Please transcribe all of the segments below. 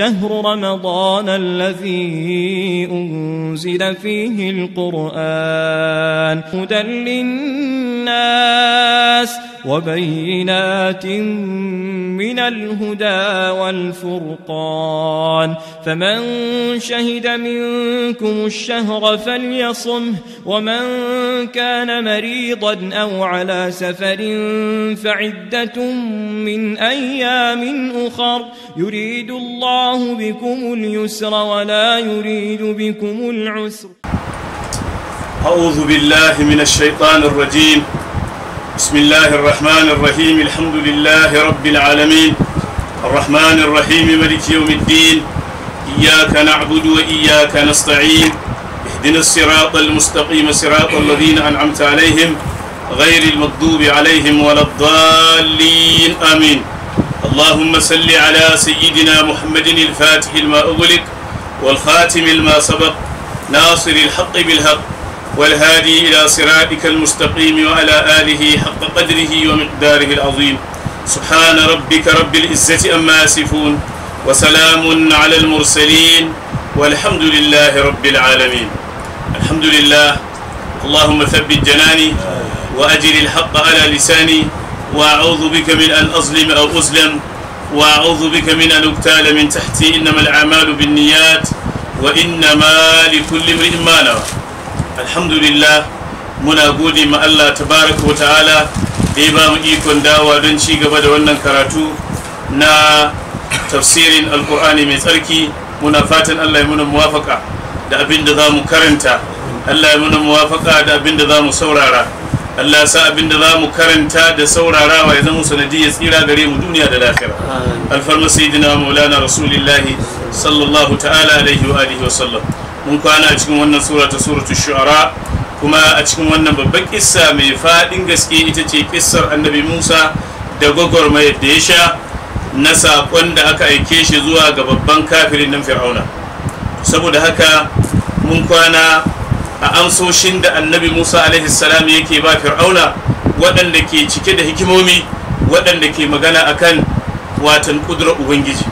شهر رمضان الذي أنزل فيه القرآن هدى للناس وبينات من الهدى والفرقان فمن شهد منكم الشهر فليصمه ومن كان مريضا أو على سفر فعدة من أيام أخر يريد الله بكم اليسر ولا يريد بكم العسر أعوذ بالله من الشيطان الرجيم بسم الله الرحمن الرحيم الحمد لله رب العالمين الرحمن الرحيم ملك يوم الدين إياك نعبد وإياك نستعين اهدنا الصراط المستقيم صراط الذين أنعمت عليهم غير المغضوب عليهم ولا الضالين آمين اللهم صل على سيدنا محمد الفاتح لما أغلق والخاتم لما سبق ناصر الحق بالحق والهادي إلى صراطك المستقيم وعلى آله حق قدره ومقداره العظيم سبحان ربك رب العزة أما يصفون وسلام على المرسلين والحمد لله رب العالمين الحمد لله اللهم ثبت جناني وأجل الحق على لساني وأعوذ بك من أن أظلم أو أظلم وأعوذ بك من أن أقتال من تحتي إنما الأعمال بالنيات وإنما لكل امرئ ما نوى alhamdulillah muna gode ma Allah tabaraka wa ta'ala da ya ba mu ikon dawa don ci gaba da wannan karatu na tafsirin alkur'ani mai tsarki muna fatan Allah ya muna muwafaka da abin da za mu karanta Allah ya muna muwafaka da abin da za mu saurara Allah sa abin da za mu karanta da wa ya zama sanadiyya tsira gare mu duniya da lafiya alfarma sayyidina maulana rasulillahi sallallahu ta'ala alaihi wa alihi wa sallam mun kwana a cikin wannan sura ta suratul shu'ara kuma a cikin wannan babban kissa mai faɗin gaske ita ce kissar annabi Musa da mai da ya sha na saƙon da aka aike shi zuwa ga babban kafirin nan fir'auna saboda haka mun kwana a amsoshin da annabi Musa alaihi salam yake ba fir'auna waɗanda ke cike da hikimomi waɗanda ke magana akan watan kudura ubangiji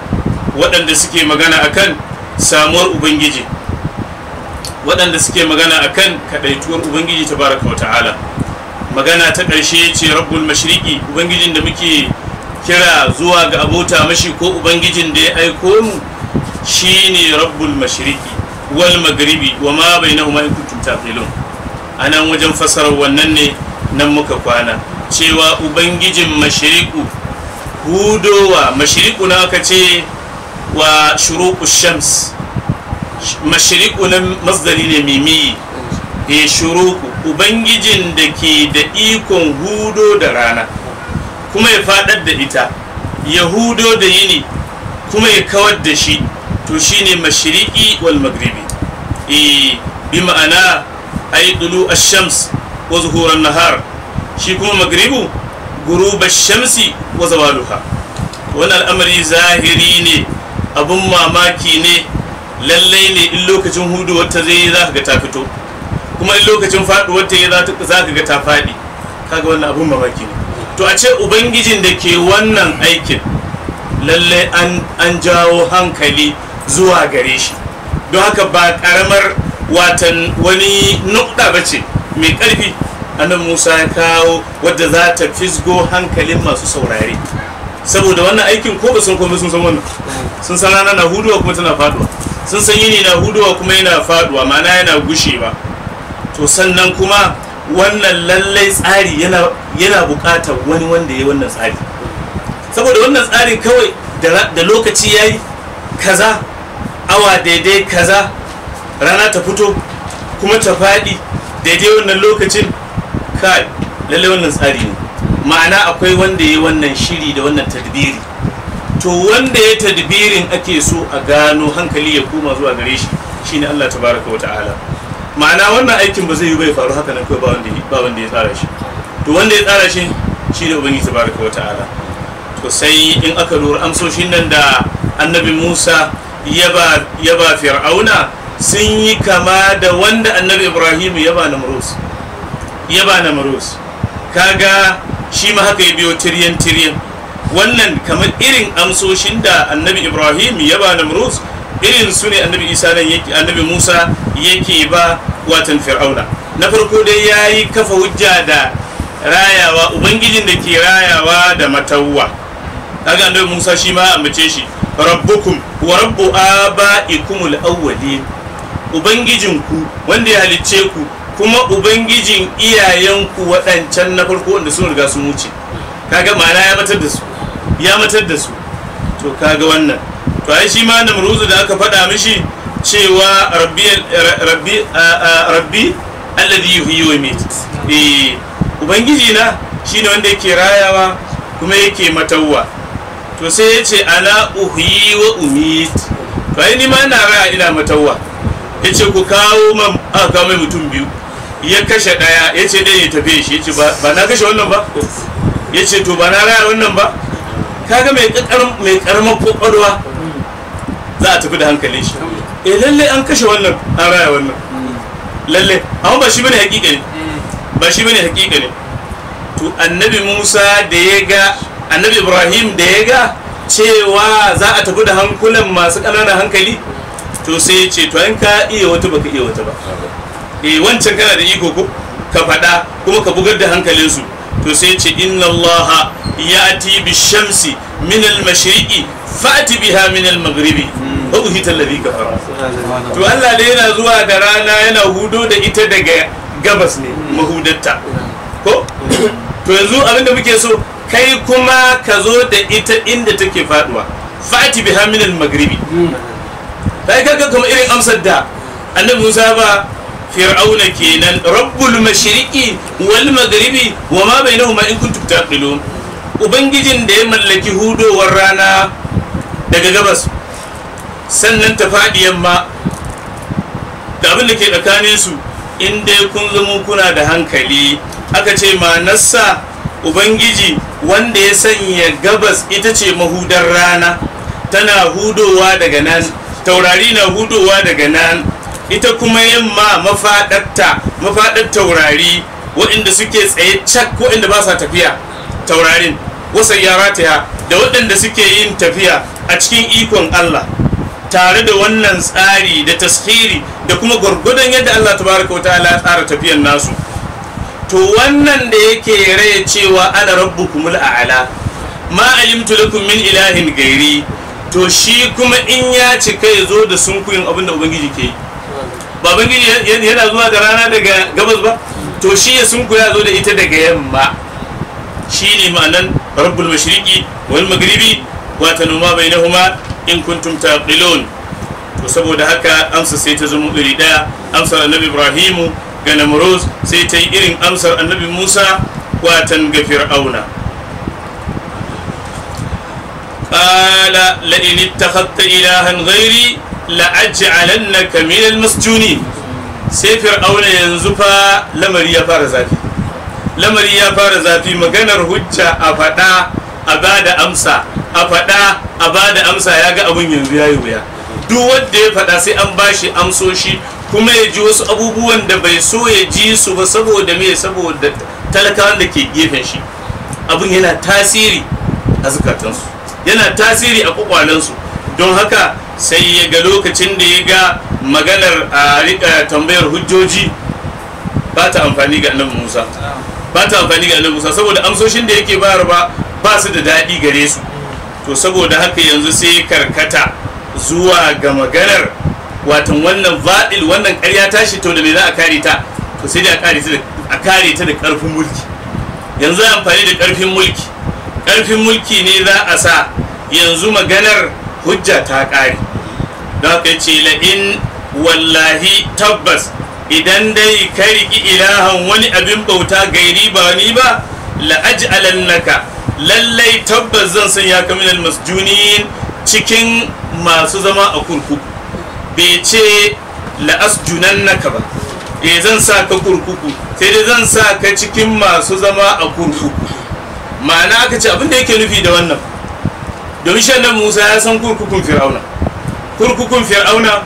waɗanda suke magana akan samuwar ubangiji waɗanda suke magana a kan kaɗaituwar ubangiji ta baraka wa ta'ala magana ta ƙarshe ce rabbul mashiriki ubangijin da muke kira zuwa ga abota mashi ko ubangijin da ya aiko mu shi ne rabbul mashriqi wal maghribi wa ma bainahuma kutun kuntum a nan wajen fasarar wannan ne nan muka kwana cewa ubangijin mashriqu hudowa mashriqu na aka ce wa shuruqu shams mashiriku na masdari ne mimi ya shuruku ubangijin da ke da ikon hudo da rana kuma ya fadar da ita ya hudo da yini kuma ya kawar da shi to shi ne mashiriki wal magribi e bi ma'ana a yi dulu a shams wasu horon nahar shi kuma magribu gurubar shamsi wa zawaluha Wani al'amari zahiri ne abun mamaki ne lallai ne in lokacin hudu wata zai za ka ga ta fito kuma in lokacin faduwar ta za ka ga ta faɗi kaga wannan abun mamaki ne to a ce ubangijin da ke wannan aikin lallai an jawo hankali zuwa gare shi don haka ba karamar watan wani nukta ba ce mai karfi annabi musa ya kawo wadda za ta fisgo hankalin masu saurare saboda wannan aikin ko ba sun komai sun san wannan sun san rana na huduwa kuma tana faduwa sun san yini na huduwa kuma yana faduwa mana yana gushewa to sannan kuma wannan lallai tsari yana yana bukatar wani wanda ya yi wannan tsari saboda wannan tsarin kawai da lokaci ya yi kaza awa daidai kaza rana ta fito kuma ta faɗi daidai wannan lokacin kai lallai wannan tsari ne ma'ana akwai wanda ya yi wannan shiri da wannan tadbiri to wanda ya tadbirin ake so a gano hankali ya koma zuwa gare shi shine Allah tabaraka wa ta'ala ma'ana wannan aikin ba zai yi bai faru haka nan kai ba wanda ya tsara shi to wanda ya tsara shi shine ubangiji tabaraka wa ta'ala to sai in aka lura amsoshin nan da annabi Musa ya ba ya ba fir'auna sun yi kama da wanda annabi Ibrahim ya ba Namrus ya ba Namrus kaga shi ma haka ya biyo tiryan tiryan wannan kamar irin amsoshin da annabi ibrahim ya ba na murus, irin su ne annabi isa nan yake annabi musa yake ba watan fir'auna na farko dai ya yi kafa hujja da rayawa ubangijin da ke rayawa da matawwa kaga annabi musa shi ma ambace shi rabbukum wa rabbu aba'ikumul awwalin ubangijin ku wanda ya halicce ku kuma ubangijin iyayenku waɗancan na farko wanda sun riga sun wuce kaga ma'ana ya batar da su ya matar da su to kaga wannan to ai shi ma ruzu da aka faɗa mishi cewa rabbi rabbi rabbi alladhi yuhyi wa yumit eh ubangiji na shine wanda yake rayawa kuma yake matawwa to sai ya ce ala uhyi wa umit to ai ni ma ina raya ina matawwa yace ku kawo man a ga mai mutum biyu ya kashe daya yace ɗaya ya tafi shi yace ba na kashe wannan ba yace to ba na raya wannan ba kaga mai mai karamar kokarwa za a tafi da hankalin shi eh lalle an kashe wannan an raya wannan lalle amma ba shi bane hakika ne ba shi bane hakika ne to annabi Musa da ya ga annabi Ibrahim da ya ga cewa za a tafi da hankulan masu ƙananan hankali to sai ya ce to an ka iya wata baka iya wata ba eh wancan kana da iko ko ka faɗa kuma ka bugar da hankalin su to sai ce inna allaha ati bi shamsi min al-mashriqi fa'ti biha min al-maghribi hmm. uhita alladhi kafara to Allah da yana zuwa da rana yana hudo da ita daga gabas ne hmm. mahudatta hmm. ko to yanzu abinda muke so kai kuma ka zo da ita inda take faduwa fa'ti biha min al-maghribi kai kaga kuma irin amsar da annabi Musa ba fir'auna kenan rabbul mashriqi wal maghribi wa ma bainahuma in kuntum taqilun ubangijin da ya mallaki hudowar rana daga gabas sannan ta faɗi yamma da abin da ke tsakanin su in dai kun zama kuna da hankali aka ce ma nassa ubangiji wanda ya sanya gabas ita ce mahudar rana tana hudowa daga nan taurari na huduwa daga nan ita kuma yamma mafaɗarta mafaɗar taurari waɗanda suke tsaye cak waɗanda ba sa tafiya taurarin wasa yarata da waɗanda suke yin tafiya a cikin ikon Allah tare da wannan tsari da taskiri da kuma gwargwadon yadda Allah tabaraka wa ta'ala tsara tafiyan nasu to wannan da yake raya cewa ana rabbu a'ala ma alimtu lakum min ilahin gairi to shi kuma in ya cika ya zo da sunkuyin abin da ubangiji ke yi baban gidi yana zuwa da rana daga gabas ba to shi ya sun ya zo da ita daga yamma shi ne ma'anan rabbul mashriqi wal maghribi wa tanuma bainahuma in kuntum taqilun to saboda haka amsa sai ta zama iri daya amsar annabi ibrahimu ga namruz sai ta yi irin amsar annabi musa watan ga fir'auna qala la in ittakhadta ilahan la'aj'alannaka minal masjuni sai fir'auna yanzu fa lamari ya fara zafi lamari ya fara zafi maganar hujja a fada a ba amsa a fada a ba amsa ya ga abin yanzu ya yi wuya duk wanda ya fada sai an bashi amsoshi kuma ya ji wasu abubuwan da bai so ya ji su ba saboda me saboda talakawan da ke gefen shi abin yana tasiri a zukatansu yana tasiri a kwakwalensu don haka sai ya ga lokacin da ya ga maganar a rika tambayar hujjoji ba ta amfani ga annabi musa ba ta amfani ga annabi musa saboda amsoshin da yake bayar ba ba su da daɗi gare su to saboda haka yanzu sai karkata zuwa ga maganar watan wannan vaɗil wannan ƙarya tashi to da me za a kare ta to sai da a kare ta da ƙarfin mulki yanzu amfani da ƙarfin mulki ƙarfin mulki ne za a sa yanzu maganar hujja ta ƙare da ka ce la'in wallahi tabbas idan dai ka riƙi ilahan wani abin bauta gairi ba ni ba la'aji la'aj'alannaka lallai tabbas zan sanya ka minal masjunin cikin masu zama a kurkuku bai ce la'asjunannaka ba e zan sa ka kurkuku sai dai zan sa ka cikin masu zama a kurkuku ma'ana aka ce abin da yake nufi da wannan domin shi Musa ya san kurkukun Fir'auna kurkukun Fir'auna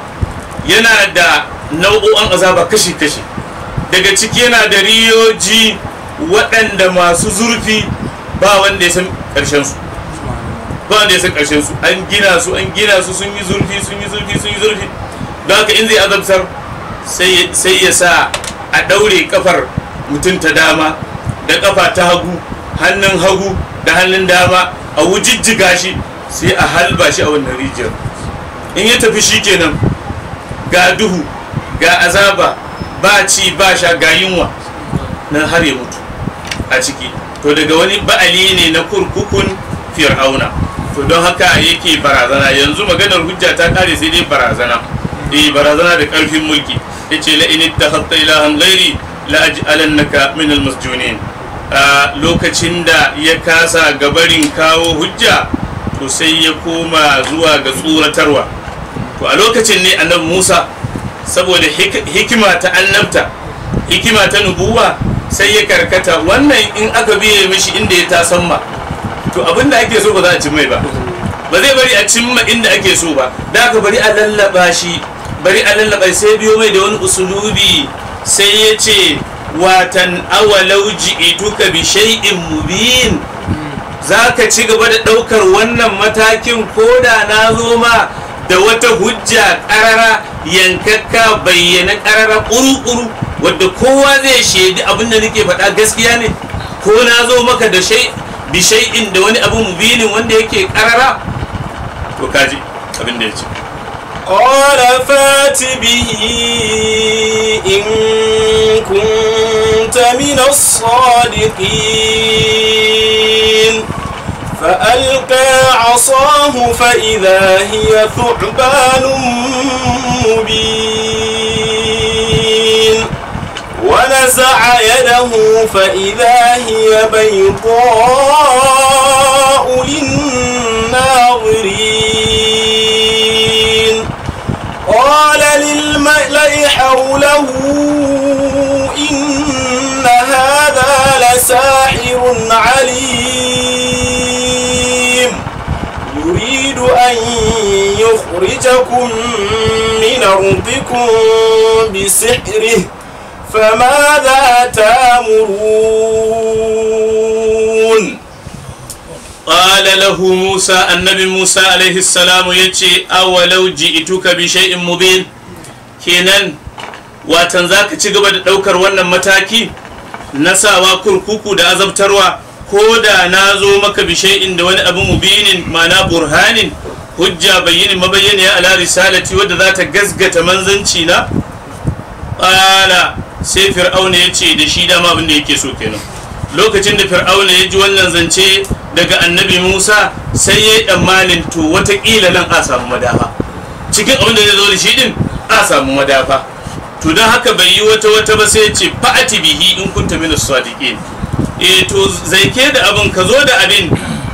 yana da nau'o'an azaba kashi-kashi daga ciki yana da riyoji waɗanda masu zurfi ba wanda ya san ƙarshen su ba wanda ya san ƙarshen su an gina su an gina su sun yi zurfi sun yi zurfi sun yi zurfi don haka in zai azabtar sai ya sa a ɗaure ƙafar mutum ta dama da ƙafa ta hagu hannun hagu da hannun dama a wujijjiga shi sai a halba shi a wannan rijiyar in ya tafi shi kenan ga duhu ga azaba ba ci ba sha ga yunwa nan har ya mutu a ciki to daga wani ba'ali ne na kurkukun fir'auna to don haka yake barazana yanzu maganar hujja ta kare sai dai barazana eh barazana da karfin mulki yace la in ittakhadta ilahan ghairi la aj'alannaka min al-masjunin lokacin da ya kasa gabarin kawo hujja to sai ya koma zuwa ga tsuratarwa. to a lokacin ne annabi musa saboda hikima ta annabta hikima ta nubuwa sai ya karkata wannan in aka biye mishi inda ya tasan ma to abinda ake so ba za a cimma ba ba zai bari a cimma inda ake so ba da aka bari a lallaba shi bari a lallaba sai biyo mai da wani usulubi sai ya ce watan awalau ji'ituka bi shay'in mubin zaka ci gaba da ɗaukar wannan matakin koda na zo ma da wata hujja ƙarara yankakka bayyana ƙarara ƙuru-ƙuru wadda kowa zai shaidi abin da nake faɗa gaskiya ne ko na zo maka da shai bi shai'in da wani abu mubinin wanda yake ƙarara? to kaji abin da ya ce قال فات به إن كنت من الصادقين فألقى عصاه فإذا هي ثعبان مبين ونزع يده فإذا هي بيضاء للناس قال للملأ حوله إن هذا لساحر عليم يريد أن يخرجكم من أرضكم بسحره فماذا تامرون qala musa annabi musa alaihi salamu ya ce awalau ji'ituka bi shay'in mubin kenan watan zaka ci gaba da ɗaukar wannan mataki na sawa kurkuku da azabtarwa ko da na zo maka bi shay'in da wani abu mubinin mana burhanin hujja bayyini mabayyaniya ala risalati wadda zata ta gasgata manzanci na qala sai fir'auna ya ce da shi dama abin da yake so kenan lokacin da fir'auna ya ji wannan zance daga annabi musa sai ya yi tsammanin to watakila nan a samu madafa cikin abin da zai zo da shi din a samu madafa to don haka bai yi wata wata ba sai ce fa'ati bihi in kunta min sadiqin eh to zai ke da abin ka zo da abin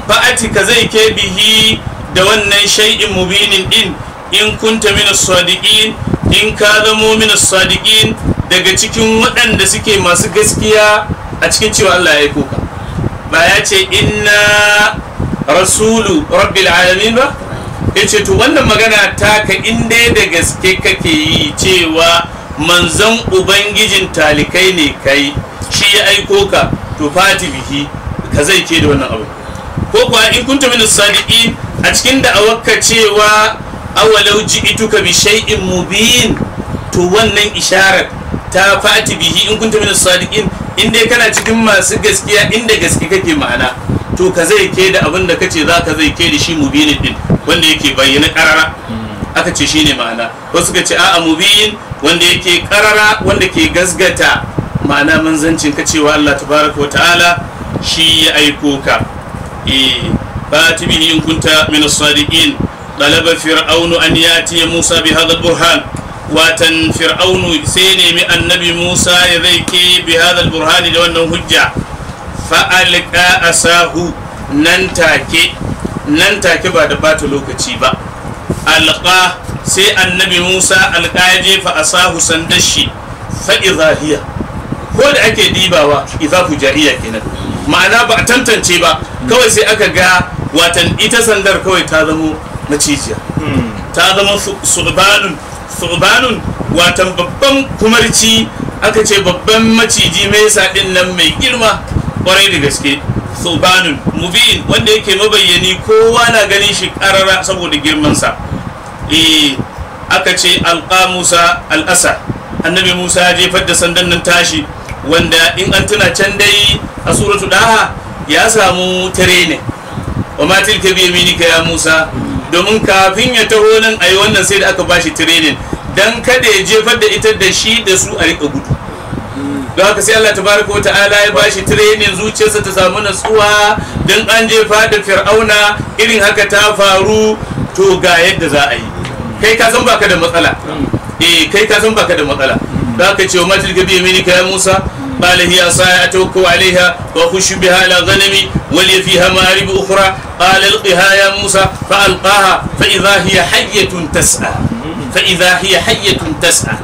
fa'ati ka zai ke bihi da wannan shay'in mubinin din in kunta min sadiqin in ka zamo min sadiqin daga cikin waɗanda suke masu gaskiya a cikin cewa Allah ya aiko ka ba ya ce inna rasulu rabbil alamin ba ya ce to wannan magana ta ka inda da gaske kake yi cewa manzon ubangijin talikai ne kai shi ya aiko ka to fati bihi ka zai ke da wannan abu ko kuwa in kunta min sadiqin a cikin da a wakka cewa awalau ka bi shay'in mubin to wannan isharar ta fati bihi in kunta min sadiqin in dai kana cikin masu gaskiya inda gaske kake ma'ana to ka zai ke da abin da kace za ka zai ke da shi mubinin din wanda yake bayyana karara aka ce shine ma'ana wasu ka ce a'a mubin wanda yake karara wanda ke gasgata ma'ana manzancin ka cewa Allah tabaraka ta'ala shi ya aiko ka eh fatibihi in kunta min as-sadiqin fir'aunu فرعون musa Musa موسى بهذا burhan watan fir'aunu sai nemi annabi musa ya zai ke bi burhani da wannan hujja fa'alqa asahu nan take nan take ba da bata lokaci ba alqa sai annabi musa alqa ya jefa asahu sandar shi fa izahiya ko da ake dibawa izahu jariya kenan ma'ana ba a tantance ba kawai sai aka ga watan ita sandar kawai ta zamo macijiya hmm. ta zama su'banun subanun watan babban kumarci aka ce babban maciji mai saɗin nan mai girma Kwarai da gaske subanun mubin wanda yake mabayyani kowa na ganin shi ƙarara saboda girmansa eh, aka ce alƙa musa al'asa annabi musa ya jefar da sandan nan tashi wanda in an tuna can dai a suratu ɗaha ya samu tare ne wa matilka biyu biya minika ya musa domin kafin ya taho nan a yi wannan sai da aka ba shi tirenin Don kada ya jefar da ita da shi da su a rika gudu don haka sai Allah tabaraka wa ta'ala ya bashi tirenin zuciyarsa ta samu natsuwa don an jefa da fir'auna irin haka ta faru to ga yadda za a yi kai ka san baka da matsala mm. eh kai ka san baka da matsala don haka ce wa matil ya mini musa قال هي صايعة توكو عليها وأخش بها على غنمي ولي فيها مآرب أخرى قال القها يا موسى فألقاها فإذا هي حية تسعى فإذا هي حية تسعى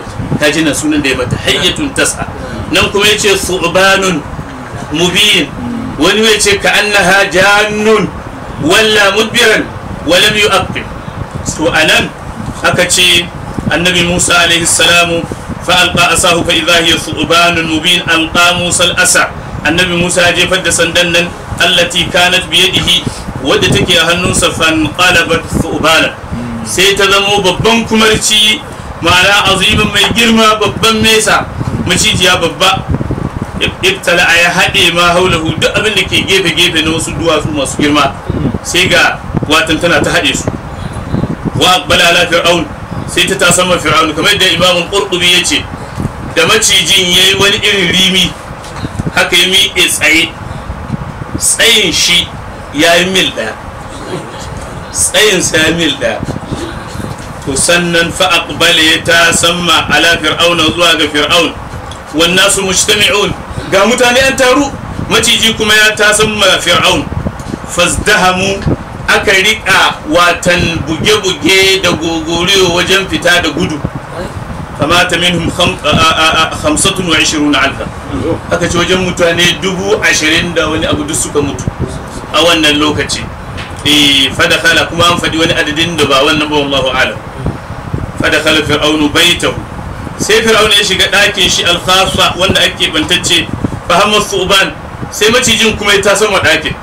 هاجنا سنن ديمة حية تسعى نمكم يتشي ثعبان مبين ونويتشي كأنها جان ولا مدبرا ولم يؤقب سؤالا أكتشي النبي موسى عليه السلام فألقى أساه فإذا هي ثعبان مبين ألقى موسى الأسى النبي موسى جيفت دا سندن التي كانت بيده ودتك يا هنوسا فانقلبت ثعبانا سيتذمو ببن كمرشي معنى عظيما ما يجرما ببن ميسا مشيت يا ببا ibtala ya haɗe ma haulahu duk abin da ke gefe-gefe na wasu duwatsu masu girma sai ga watan tana ta haɗe su wa balala fir'aun sai ta ta sama fir'aunu kamar da imamun qurtubi ya ce da macijin ya yi wani irin rimi haka ya miƙe tsaye tsayin shi ya yi mil ɗaya tsayin sa ya mil ɗaya to sannan fa'aqbala ya ta sama ala fir'auna zuwa ga fir'aun wan nasu mujtami'un ga mutane an taru maciji kuma ya ta sama fir'aun fazdahamu aka rika watan buge-buge da gogoriyo wajen fita da gudu kamata minhum hamsatun wa ishirin na alfa aka ce wajen mutane dubu ashirin da wani abu duk suka mutu a wannan lokaci e, fada kala kuma an faɗi wani adadin da ba wannan ba wallahu alam fada kala fir'aunu baitahu sai fir'aunu ya shiga ɗakin shi alkhasa wanda ake bantacce fa hamas su'uban sai macijin kuma ya tasan wa ɗakin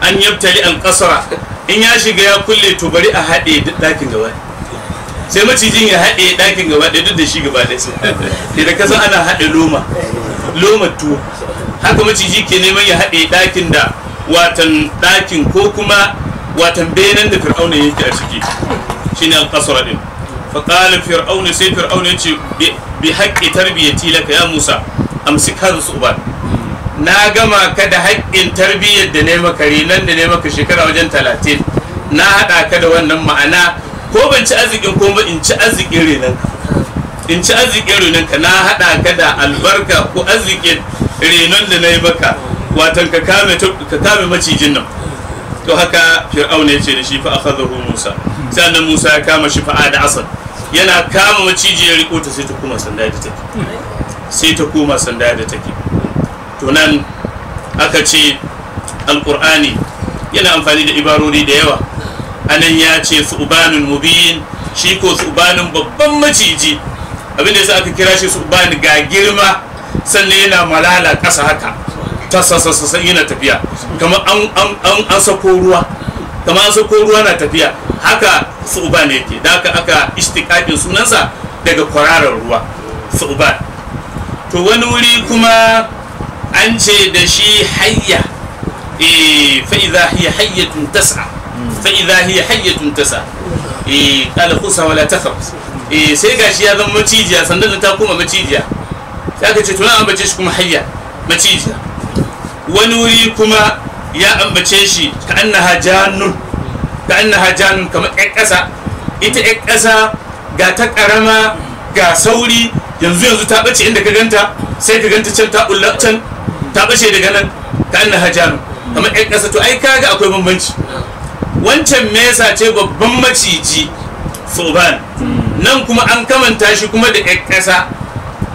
an yabtali alƙasara in ya shiga ya kulle to bari a haɗe ɗakin gaba sai macijin ya haɗe ɗakin gaba ɗaya duk da shi gaba ɗaya da kasan ana haɗe loma loma tuwo haka maciji ke neman ya haɗe ɗakin da watan ɗakin ko kuma watan benen da fir'auna yake a ciki shine alƙasara ɗin faƙalin fir'auna sai fir'auna ya ce bi haƙƙi tarbiyyati laka ya musa amsi hadha su'ban na gama ka da haƙƙin tarbiyyar da ne maka nan da ne maka shekara wajen talatin na haɗa ka da wannan ma'ana ko ban ci arzikin ko ba in ci arzikin ka. in ci arzikin renon ka na haɗa ka da albarka ko arzikin renon da na yi maka watan ka kame macijin nan to haka fir'auna ya ce da shi fa akhadahu musa sannan musa ya kama shi fa'a da asad yana kama macijiyar riko ta sai ta koma sanda da take sai ta koma sanda da take to nan aka ce alkur'ani yana amfani da ibarori da yawa anan ya ce su'ubanin mubin shi ko su'ubanin babban maciji abinda yasa aka kira shi su'uban ga girma sannan yana malala ƙasa haka tasasasa yana tafiya kamar an sako ruwa kamar an sako ruwa na tafiya haka su'uban yake da haka aka istikakin sunansa daga kwararar ruwa su'uban to wani wuri kuma an ce da shi hayya eh fa idha hiya hayyatun tas'a hmm. fa idha hiya hayyatun tas'a eh wala takhab eh sai gashi ya zama macijiya sandan ta kuma macijiya sai aka ce to an bace shi kuma hayya macijiya wani wuri kuma ya ambace shi ka annaha jannun ka annaha jannun kamar ƙasa ita ƙasa ga ta ƙarama ga sauri yanzu yanzu ta bace inda ka ganta sai ka ganta can ta bulla can bace daga nan ka anna hajanu kamar ɗan ƙasa to ai kaga akwai bambanci wancan me yasa ce babban maciji soban nan kuma an kamanta shi kuma da ɗan ƙasa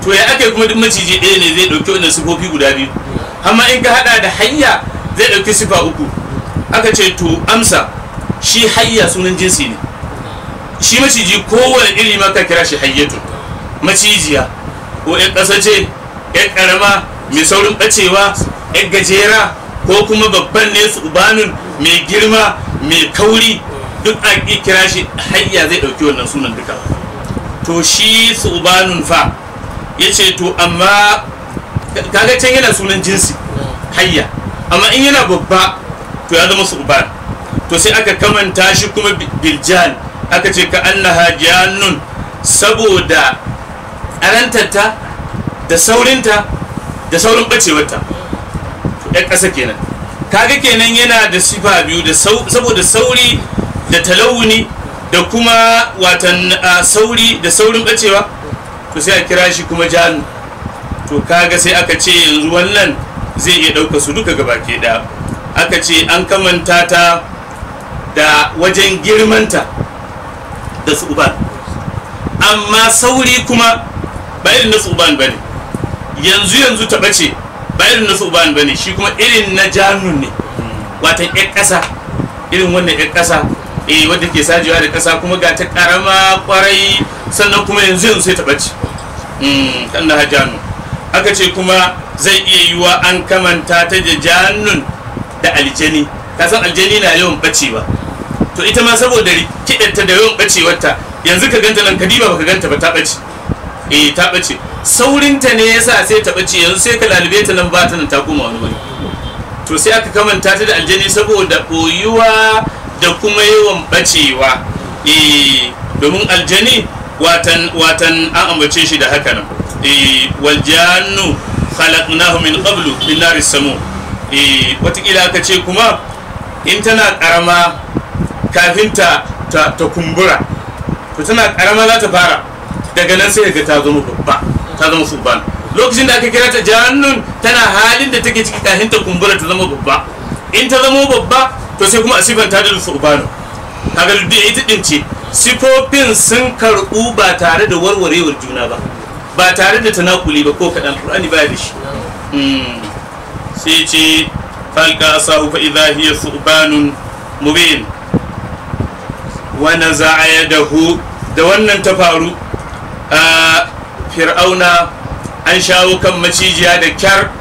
to ya ake kuma duk maciji ɗaya ne zai ɗauki wannan sifofi guda biyu amma in ka haɗa da hayya zai ɗauki sifa uku aka ce to amsa shi hayya sunan jinsi ne shi maciji kowane iri maka kira shi hayyatu macijiya ko yan ƙasa ce yan ƙarama mai saurin ɓacewa yan gajera ko kuma babban ne su ubanin mai girma mai kauri duk a kira shi hayya zai ɗauki wannan sunan duka to shi su ubanin fa ya ce to amma kaga can yana sunan jinsi hayya amma in yana babba to ya zama su uban to sai aka kamanta shi kuma biljan aka ce ka annaha jannun saboda ƙarantarta da saurinta da saurin ɓacewarta to ɗan ƙasa kenan kaga kenan yana da sifa biyu da saboda sauri da talawuni da kuma watan sauri da saurin ɓacewa to sai a kira shi kuma janu to kaga sai aka ce yanzu wannan zai iya ɗauka su duka gaba ke ɗaya aka ce an kamanta ta da wajen girmanta da su uba amma sauri kuma ba irin na tsuban bane yanzu yanzu ta bace ba irin na tsuban bane shi kuma irin na janun ne watan yan ƙasa irin wannan yan ƙasa eh wadda ke sajewa da ƙasa kuma ga ta ƙarama kwarai sannan kuma yanzu yanzu sai ta bace kan hmm, na hajjanu aka ce kuma zai iya yiwa an kamanta ta da janun da aljani kasan aljani na yawan bacewa to ita ma saboda kiɗanta da yawan bacewarta yanzu ka ganta nan kadiba baka ganta ba ta bace E, ta bace saurinta ne yasa sai ta bace yanzu sai ka lalube ta nan ba ta nan ta koma wani wani. to sai aka kamanta ta da aljani saboda koyuwa da kuma yawan bacewa eh domin aljani watan watan an ambace shi da haka nan eh wal jannu khalaqnahu min qablu min naris samu eh watakila aka ce kuma in tana karama kafinta ta ta kumbura to tana karama za ta fara daga nan sai ga ta zama babba ta zama subban lokacin da aka kira ta jahannun tana halin da take ciki kahin ta kumbura ta zama babba in ta zama babba to sai kuma a ta dalu subban kaga duk ita din ce sifofin sun karbu ba tare da warwarewar juna ba ba tare da tanakuli ba ko kaɗan qur'ani ba da shi hmm. sai ce falka asahu fa idha hiya subanun mubin wa naza'a yadahu da wannan ta faru fir'auna an shawo kan macijiya da kyar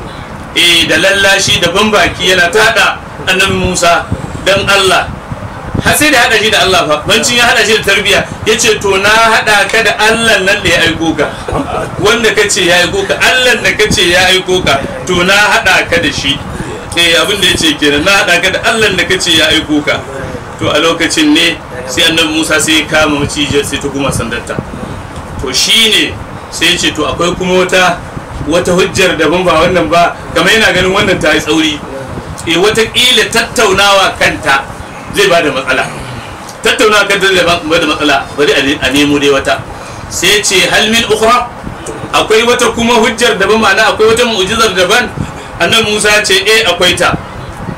e da lallashi da baki yana tada annabi musa don allah har sai da hada shi da allah fa bancin ya hada shi da tarbiya ya ce to na hada ka da allah nan da ya aiko ka wanda ka ce ya aiko ka allah da ka ce ya aiko ka to na hada ka da shi e abin da ya ce kenan na hada ka da allah da ka ce ya aiko ka to a lokacin ne sai annabi musa sai ya kama macijiyar sai ta kuma sandarta to shine sai ce to akwai kuma wata wata hujjar daban ba wannan ba kamar yana ganin wannan ta yi tsauri e wataƙila tattaunawa kanta zai ba da matsala tattaunawa kanta zai ba da matsala bari a nemo dai wata sai ce halmin ukhra akwai wata kuma hujjar daban ma'ana akwai wata mu'jizar daban annabi Musa ce eh akwai ta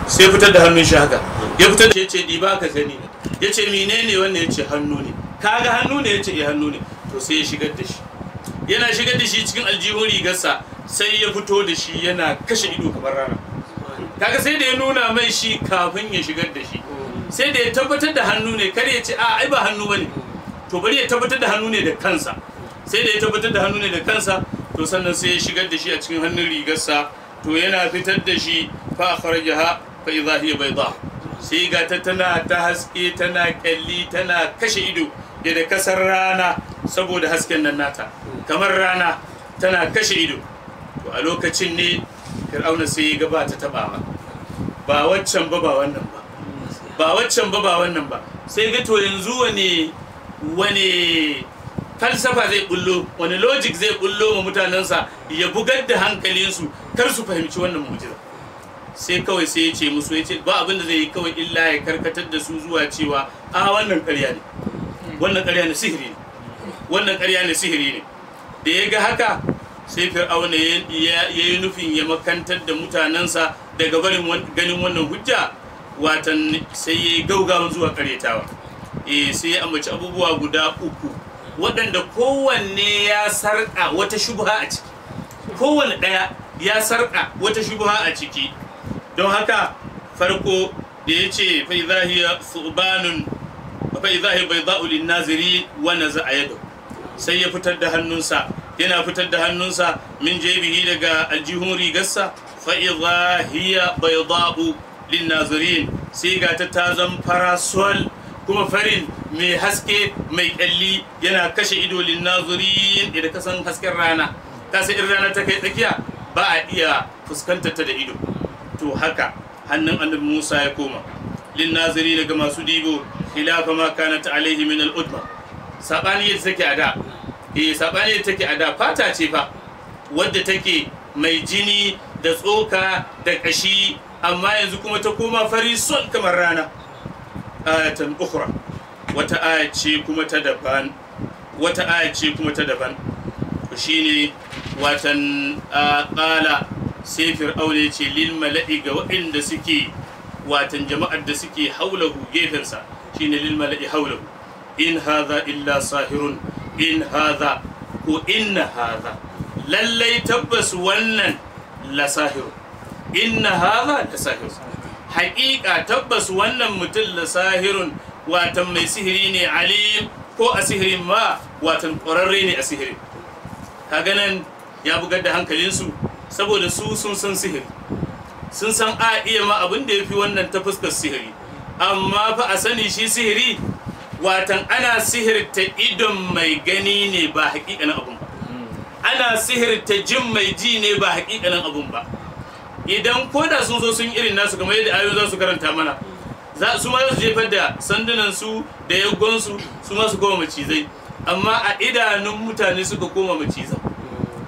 sai fitar da hannun shi haka ya fitar da yace di ba ka gani yace menene wannan yace hannu ne kaga hannu ne yace eh hannu ne to sai ya shigar da shi yana shigar da shi cikin aljihun rigarsa sai ya fito da shi yana kashe ido kamar rana kaga sai da ya nuna mai shi kafin ya shigar da shi sai da ya tabbatar da hannu ne kar ya ce a ai ba hannu bane to bari ya tabbatar da hannu ne da kansa sai da ya tabbatar da hannu ne da kansa to sannan sai ya shigar da shi a cikin hannun rigarsa to yana fitar da shi fa kharajaha fa idha hiya bayda sai ga ta tana ta haske tana kalli tana kashe ido da da kasar rana saboda hasken nan nata kamar rana tana kashe ido to a lokacin ne fir'auna sai ya gaba ta tabawa ba waccan ba ba wannan ba ba waccan ba ba wannan ba sai ga to yanzu wani wani falsafa zai bullo wani logic zai bullo wa mutanensa ya bugar da hankalinsu kar su fahimci wannan mujiza sai kawai sai ya ce musu ya ce ba abin da zai yi kawai illa ya karkatar da su zuwa cewa a wannan karya ne wannan ƙarya ne sihiri ne wannan ƙarya ne sihiri ne da ya ga haka sai fir'auna ya yi nufin ya makantar da mutanensa daga barin ganin wannan hujja watan sai ya yi gaugawan zuwa karyatawa eh sai ya ambaci abubuwa guda uku waɗanda kowanne ya sarƙa wata shubha a ciki kowanne ɗaya ya sarƙa wata shubha a ciki don haka farko da ya ce fa idza hiya fa bai hi bayda'u lin naziri wa sai ya fitar da hannunsa yana fitar da hannunsa min jaybihi daga aljihun rigarsa fa idha hiya bayda'u lin nazirin sai ga ta tazan farasol kuma farin mai haske mai kyalli yana kashe ido lin nazirin idan ka san hasken rana ta sai in rana ta kai tsakiya ba a iya fuskantar ta da ido to haka hannun annabi Musa ya koma lin nazari ga masu ɗibo, khilafa ma kanat alaihi min al yadda take a da fata ce fa wadda take mai jini da tsoka da ƙashi amma yanzu kuma ta koma fari sol kamar rana ayatan ukhra wata aya ce kuma ta daban wata aya ce watan qala sai fir'auna ce lil ga waɗanda suke watan jama'ar da suke haulahu gefensa shine lil mala'i haulahu in hadha illa sahirun in hadha ko inna hadha lallai tabbas wannan la sahir inna hadha la sahir haƙiƙa tabbas wannan mutum la sahirun watan mai sihiri ne alim ko a sihirin ma watan ƙwararre ne a sihirin kaga nan ya bugar da hankalinsu saboda su sun san sihiri sun san a iya ma abin da ya fi wannan ta fuskar sihiri amma fa a sani shi sihiri watan ana sihirta idon mai gani ne ba haƙiƙanin abin ba ana sihirta jin mai ji ne ba haƙiƙanin abin ba idan ko da sun zo sun irin nasu kamar yadda ayo za su karanta mana za su ma su jefar da sandunan su da yaggon su su ma su koma macizai amma a idanun mutane suka koma macizai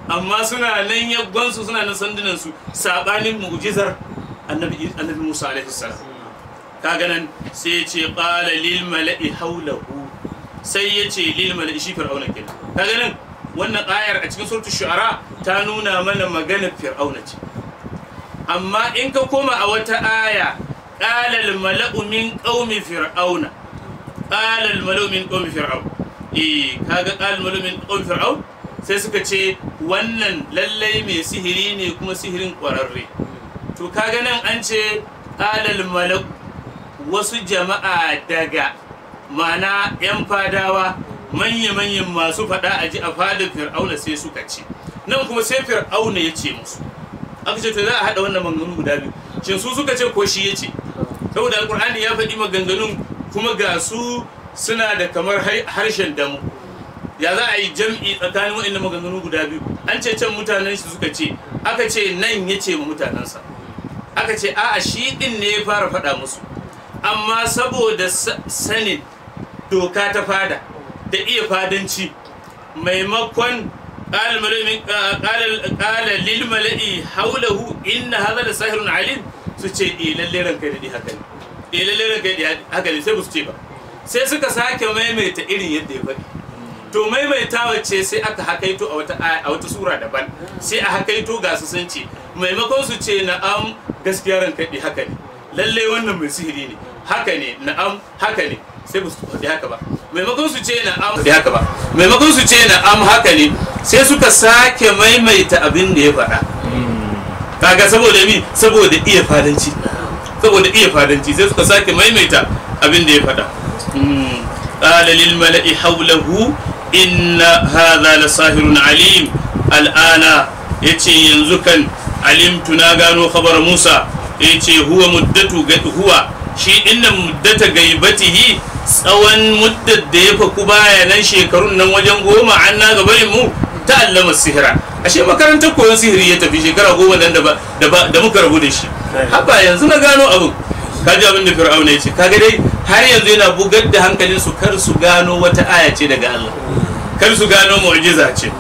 amma suna nan yaggonsu suna nan sandunansu saɓanin mu'ujizar annabi musa alaihi salam kaga nan sai ya ce ƙala lil mala'i haulahu sai ya ce lil mala'i shi fir'auna kenan Ka nan wannan ƙayar a cikin suratul shu'ara ta nuna mana maganar fir'auna ce amma in ka koma a wata aya ƙala al mala'u min qaumi fir'auna ƙala al mala'u min qaumi fir'auna eh kaga ƙala al mala'u min qaumi fir'auna sai suka ce wannan lallai mai sihiri ne kuma sihirin ƙwararre to kaga nan an ce alal malak wasu jama'a daga mana 'yan fadawa manya-manyan masu faɗa a ji a fadin fir'auna sai suka ce nan kuma sai fir'auna ya ce musu aka ce to za a haɗa wannan maganganu guda biyu shin su suka ce ko shi ya ce saboda alƙur'ani ya faɗi maganganun kuma ga su suna da kamar harshen damu ya za a yi jam'i tsakanin waɗanda maganganu guda biyu an ce can mutanen shi suka ce aka ce nan ya ce mutanensa aka ce a'a shi ɗin ne ya fara faɗa musu amma saboda sanin doka ta fada da iya fadanci maimakon ƙala lil mala'i haulahu inna haza da sahirun alim su ce eh ranka ne eh, haka ne sai ba sai suka sake maimaita irin yadda ya faɗi to maimaita wacce sai aka hakaito a wata a wata sura daban sai a hakaito ga su sun ce maimakon su ce na'am gaskiya ran kaɗi haka ne lalle wannan mai sihiri ne haka ne na'am haka ne sai ba su faɗi haka ba maimakon su ce na'am faɗi haka ba maimakon su ce na'am haka ne sai suka sake maimaita abin da ya faɗa kaga saboda mi saboda iya fadanci saboda iya fadanci sai suka sake maimaita abin da ya faɗa قال للملأ حوله inna hadha la sahirun alim al'ana yace yanzu kan alimtu na gano khabar Musa yace huwa muddatu ga huwa shi inna muddata gaibatihi tsawon muddar da ya faku baya nan shekarun nan wajen goma an na gabarin mu ta allama sihira ashe makarantar koyon sihiri ya tafi shekara goma nan da muka rabu da shi haba yanzu na gano abu kaji abin da fir'auna ya ce kaga dai har yanzu yana bugar da hankalin su kar su gano wata aya ce daga Allah kar su gano mu'jiza ce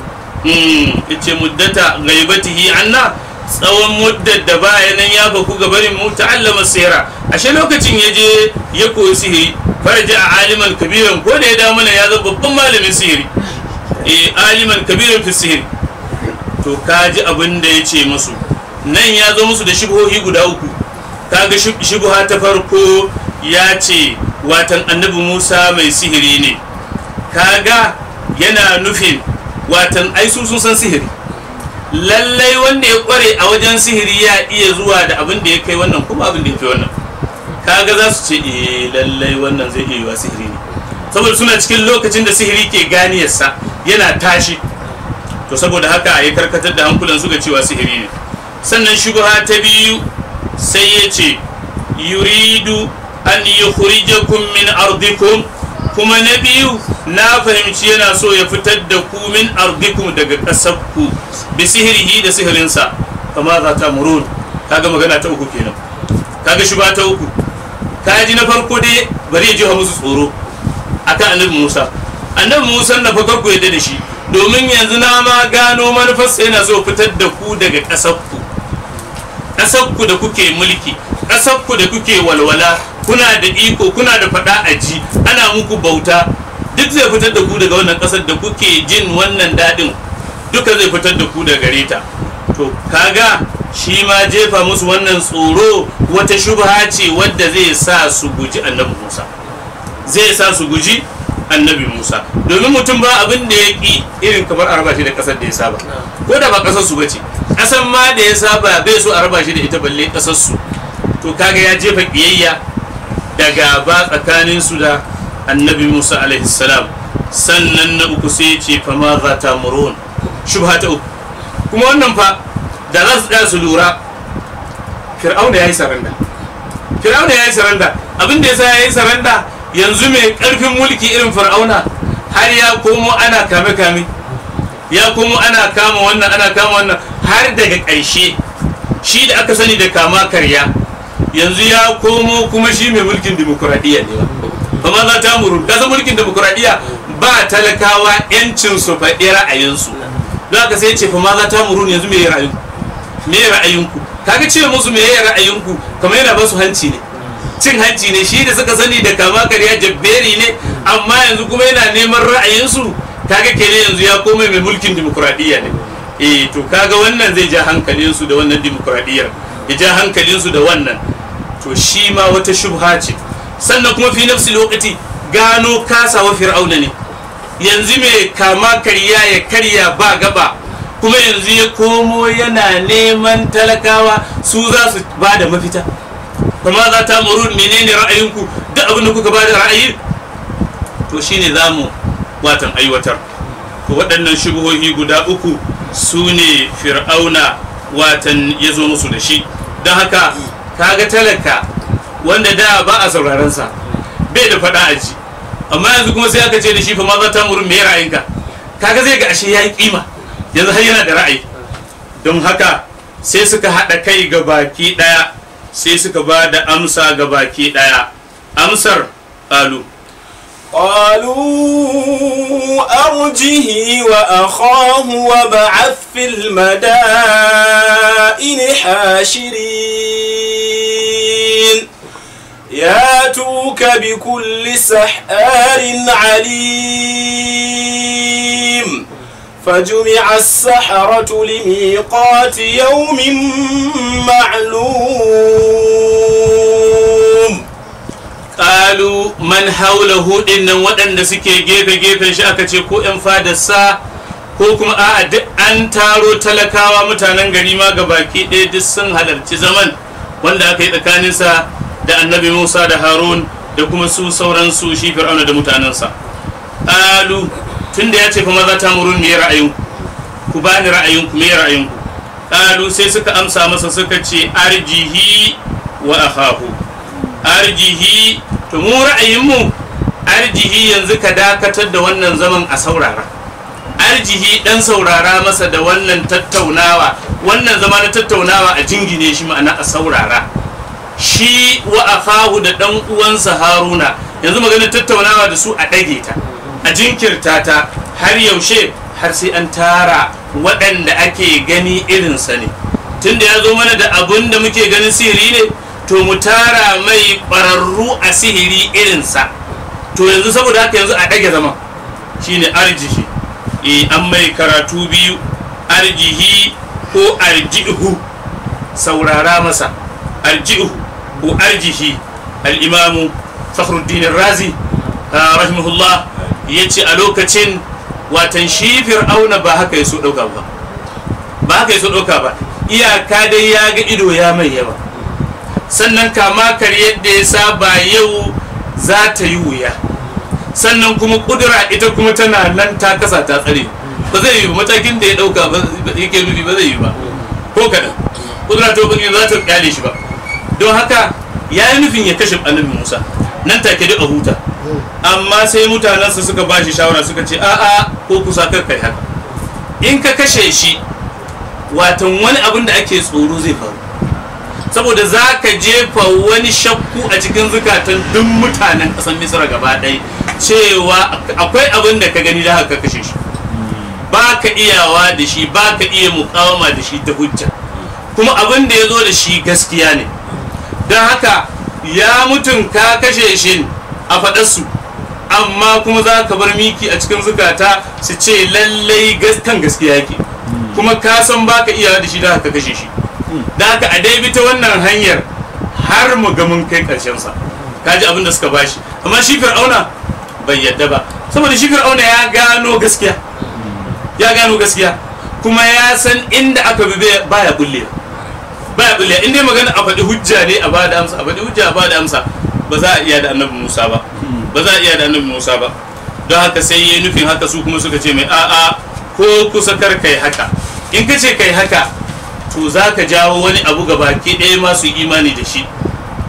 hmm, ce muddata ghaibatihi anna tsawon muddar da baya nan ya baku ga barin mu ta'allama sihira ashe lokacin ya je ya koyi sihiri faraja a aliman kabiran ko da ya da mana ya zama babban malamin sihiri eh aliman kabiran fi sihiri to kaji abin da ya ce musu nan ya zo musu da shibohi guda uku kaga shibuha ta farko ya ce watan annabi musa mai sihiri ne kaga yana nufin watan ai su sun san sihiri lallai wanda ya kware a wajen sihiri ya iya zuwa da abin da ya kai wannan kuma abin da ya fi wannan kaga za su ce eh lallai wannan zai iya yiwa sihiri ne saboda suna cikin lokacin da sihiri ke ganiyarsa yana tashi to saboda haka ya karkatar da hankulan su ga cewa sihiri ne sannan shubha ta biyu sai ya ce yuridu an yukhrijakum min ardikum kuma na biyu na fahimci yana so ya fitar da ku min ardikum daga ƙasar ku bi sihirihi da sihirinsa kama za ta murun kaga magana ta uku kenan kaga shi ba ta uku kaji na farko dai bari ya ji musu tsoro akan annabi Musa annabi Musa na fakar ku yadda da shi domin yanzu na ma gano manufarsa yana so fitar da ku daga ƙasar ku ƙasar ku da kuke mulki ƙasar ku da kuke walwala kuna da iko kuna da faɗa a ji ana muku bauta duk zai fitar da ku daga wannan ƙasar da kuke jin wannan daɗin duka zai fitar da ku da gare ta to kaga shi ma jefa musu wannan tsoro wata shubha ce wadda zai sa su guji annabi musa zai sa su guji annabi musa domin mutum ba abin da ya ƙi irin kamar a shi da ƙasar da ya saba ko da ba ƙasar su bace ƙasar ma da ya saba bai so a raba shi da ita balle ƙasar su to kaga ya jefa ƙiyayya daga ba tsakanin su da annabi musa alaihi salam sannan na uku sai ya ce fama za ta murun shubha ta uku kuma wannan fa da za su tsaya su lura fir'auna ya yi saranda fir'auna ya yi saranda abin da yasa ya yi saranda yanzu mai karfin mulki irin fir'auna har ya komo ana kame kame ya komo ana kama wannan ana kama wannan har daga ƙarshe shi da aka sani da kama karya yanzu ya komo kuma shi mai mulkin dimokuraɗiyya ne ba ba za ta muru kasan mulkin demokuraɗiyya ba talakawa yancin su faɗi ra'ayinsu don haka sai ce fa ma za ta muru yanzu me ra'ayinku me ku kaga ce musu me ku kamar yana ba su hanci ne cin hanci ne shi da suka sani da kama karya jabberi ne amma yanzu kuma yana neman ra'ayinsu kaga kenan yanzu ya komai mai mulkin demokuraɗiyya ne eh to kaga wannan zai ja hankalinsu da wannan demokuraɗiyyar ya ja hankalinsu da wannan to shi ma wata shubha ce sannan kuma fi nafsi lokaci gano kasawa fir'auna ne yanzu mai kama karya ya karya ba gaba kuma yanzu ya komo yana neman talakawa su za su ba da mafita kuma za ta murun menene ra'ayinku da abin da kuka ba da ra'ayi to shine za mu watan aiwatar to waɗannan shubuhohi guda uku su ne fir'auna watan ya zo musu da shi don haka kaga talaka wanda da ba a sauraron sa bai da faɗa a ji amma yanzu kuma sai aka ce da shi fa ma za ta murin me ra'ayinka kaga zai ga ashe yayi kima yanzu har yana da ra'ayi don haka sai suka haɗa kai ga baki daya sai suka ba da amsa ga baki ɗaya amsar ƙalu قالوا أرجه وأخاه وابعث في المدائن حاشرين ياتوك بكل سحار عليم فجمع السحرة لميقات يوم معلوم قالوا من حوله إن ودن سكي جيب جيب شاكا تيكو انفاد السا حكم آد أنتارو تلكا ومتانا غريما غباكي إيد السنغ هلر تزمن وانداكي تكانسا da annabi musa da harun da kuma su sauransu shi fir'auna da mutanensa alu tun da ya ce kuma za ta murun me ra'ayin ku ba ni ra'ayin ku me ra'ayin ku alu sai suka amsa masa suka ce arjihi wa akhahu arjihi to mu ra'ayin mu arjihi yanzu ka dakatar da wannan zaman a saurara arjihi dan saurara masa da wannan tattaunawa wannan zama na tattaunawa a jingine shi ma'ana a saurara shi wa afahu da ɗan uwansa haruna yanzu maganar tattaunawa da su a ɗage ta a jinkirta ta har yaushe har sai an tara waɗanda ake gani irinsa ne tunda ya zo mana da abun da muke ganin sihiri ne to mu tara mai ɓararru a sihiri irinsa to yanzu saboda haka yanzu a ɗage zama shine arjihi e an mai karatu biyu arjihi ko arjihu saurara masa arjihu arjihi al-imamu fakhruddin razi rahimahullah ya ce a lokacin watan shi fir'auna ba haka ya so ɗauka ba ba haka ya so ɗauka ba iyaka dai ya ga ido ya mai yawa sannan kama kar yadda ya saba yau za ta yi wuya sannan kuma kudura ita kuma tana nan ta kasa ta tsare ba zai yi matakin da ya ɗauka ba yake nufi ba zai yi ba ko kaɗan, kudura ta ubangiji za ta kyale shi ba don haka ya yi nufin ya kashe annabi musa nan take duk a huta amma sai mutanensa suka ba shi shawara suka ce a ko kusa kar kai haka in ka kashe shi watan wani abin da ake tsoro zai faru saboda za ka jefa wani shakku a cikin zukatan duk mutanen ƙasar misra gaba ɗaya cewa akwai abin da ka gani da haka kashe shi ba ka iyawa da shi ba ka iya mukawama da shi ta hujja kuma abin da ya zo da shi gaskiya ne don haka ya mutum ka kashe shi a faɗarsu amma kuma za ka bar miki a cikin zukata su ce lallai kan gaskiya ke. kuma ka san baka iyawa da shi da haka kashe shi da haka a dai ta wannan hanyar har mu ga mun kai karshen sa kaji abin da suka bashi amma shi fir'auna bai yadda ba saboda shi fir'auna ya gano gaskiya ya gano gaskiya kuma ya san inda aka bi baya bullewa ba ya in dai magana a faɗi hujja ne a bada amsa a faɗi hujja a bada amsa ba za a iya da annabi Musa ba ba za a iya da annabi Musa ba don haka sai yayi nufin haka su kuma suka ce mai a'a ko kusa kar kai haka in ka ce kai haka to za ka jawo wani abu ga baki ɗaya ma su imani da shi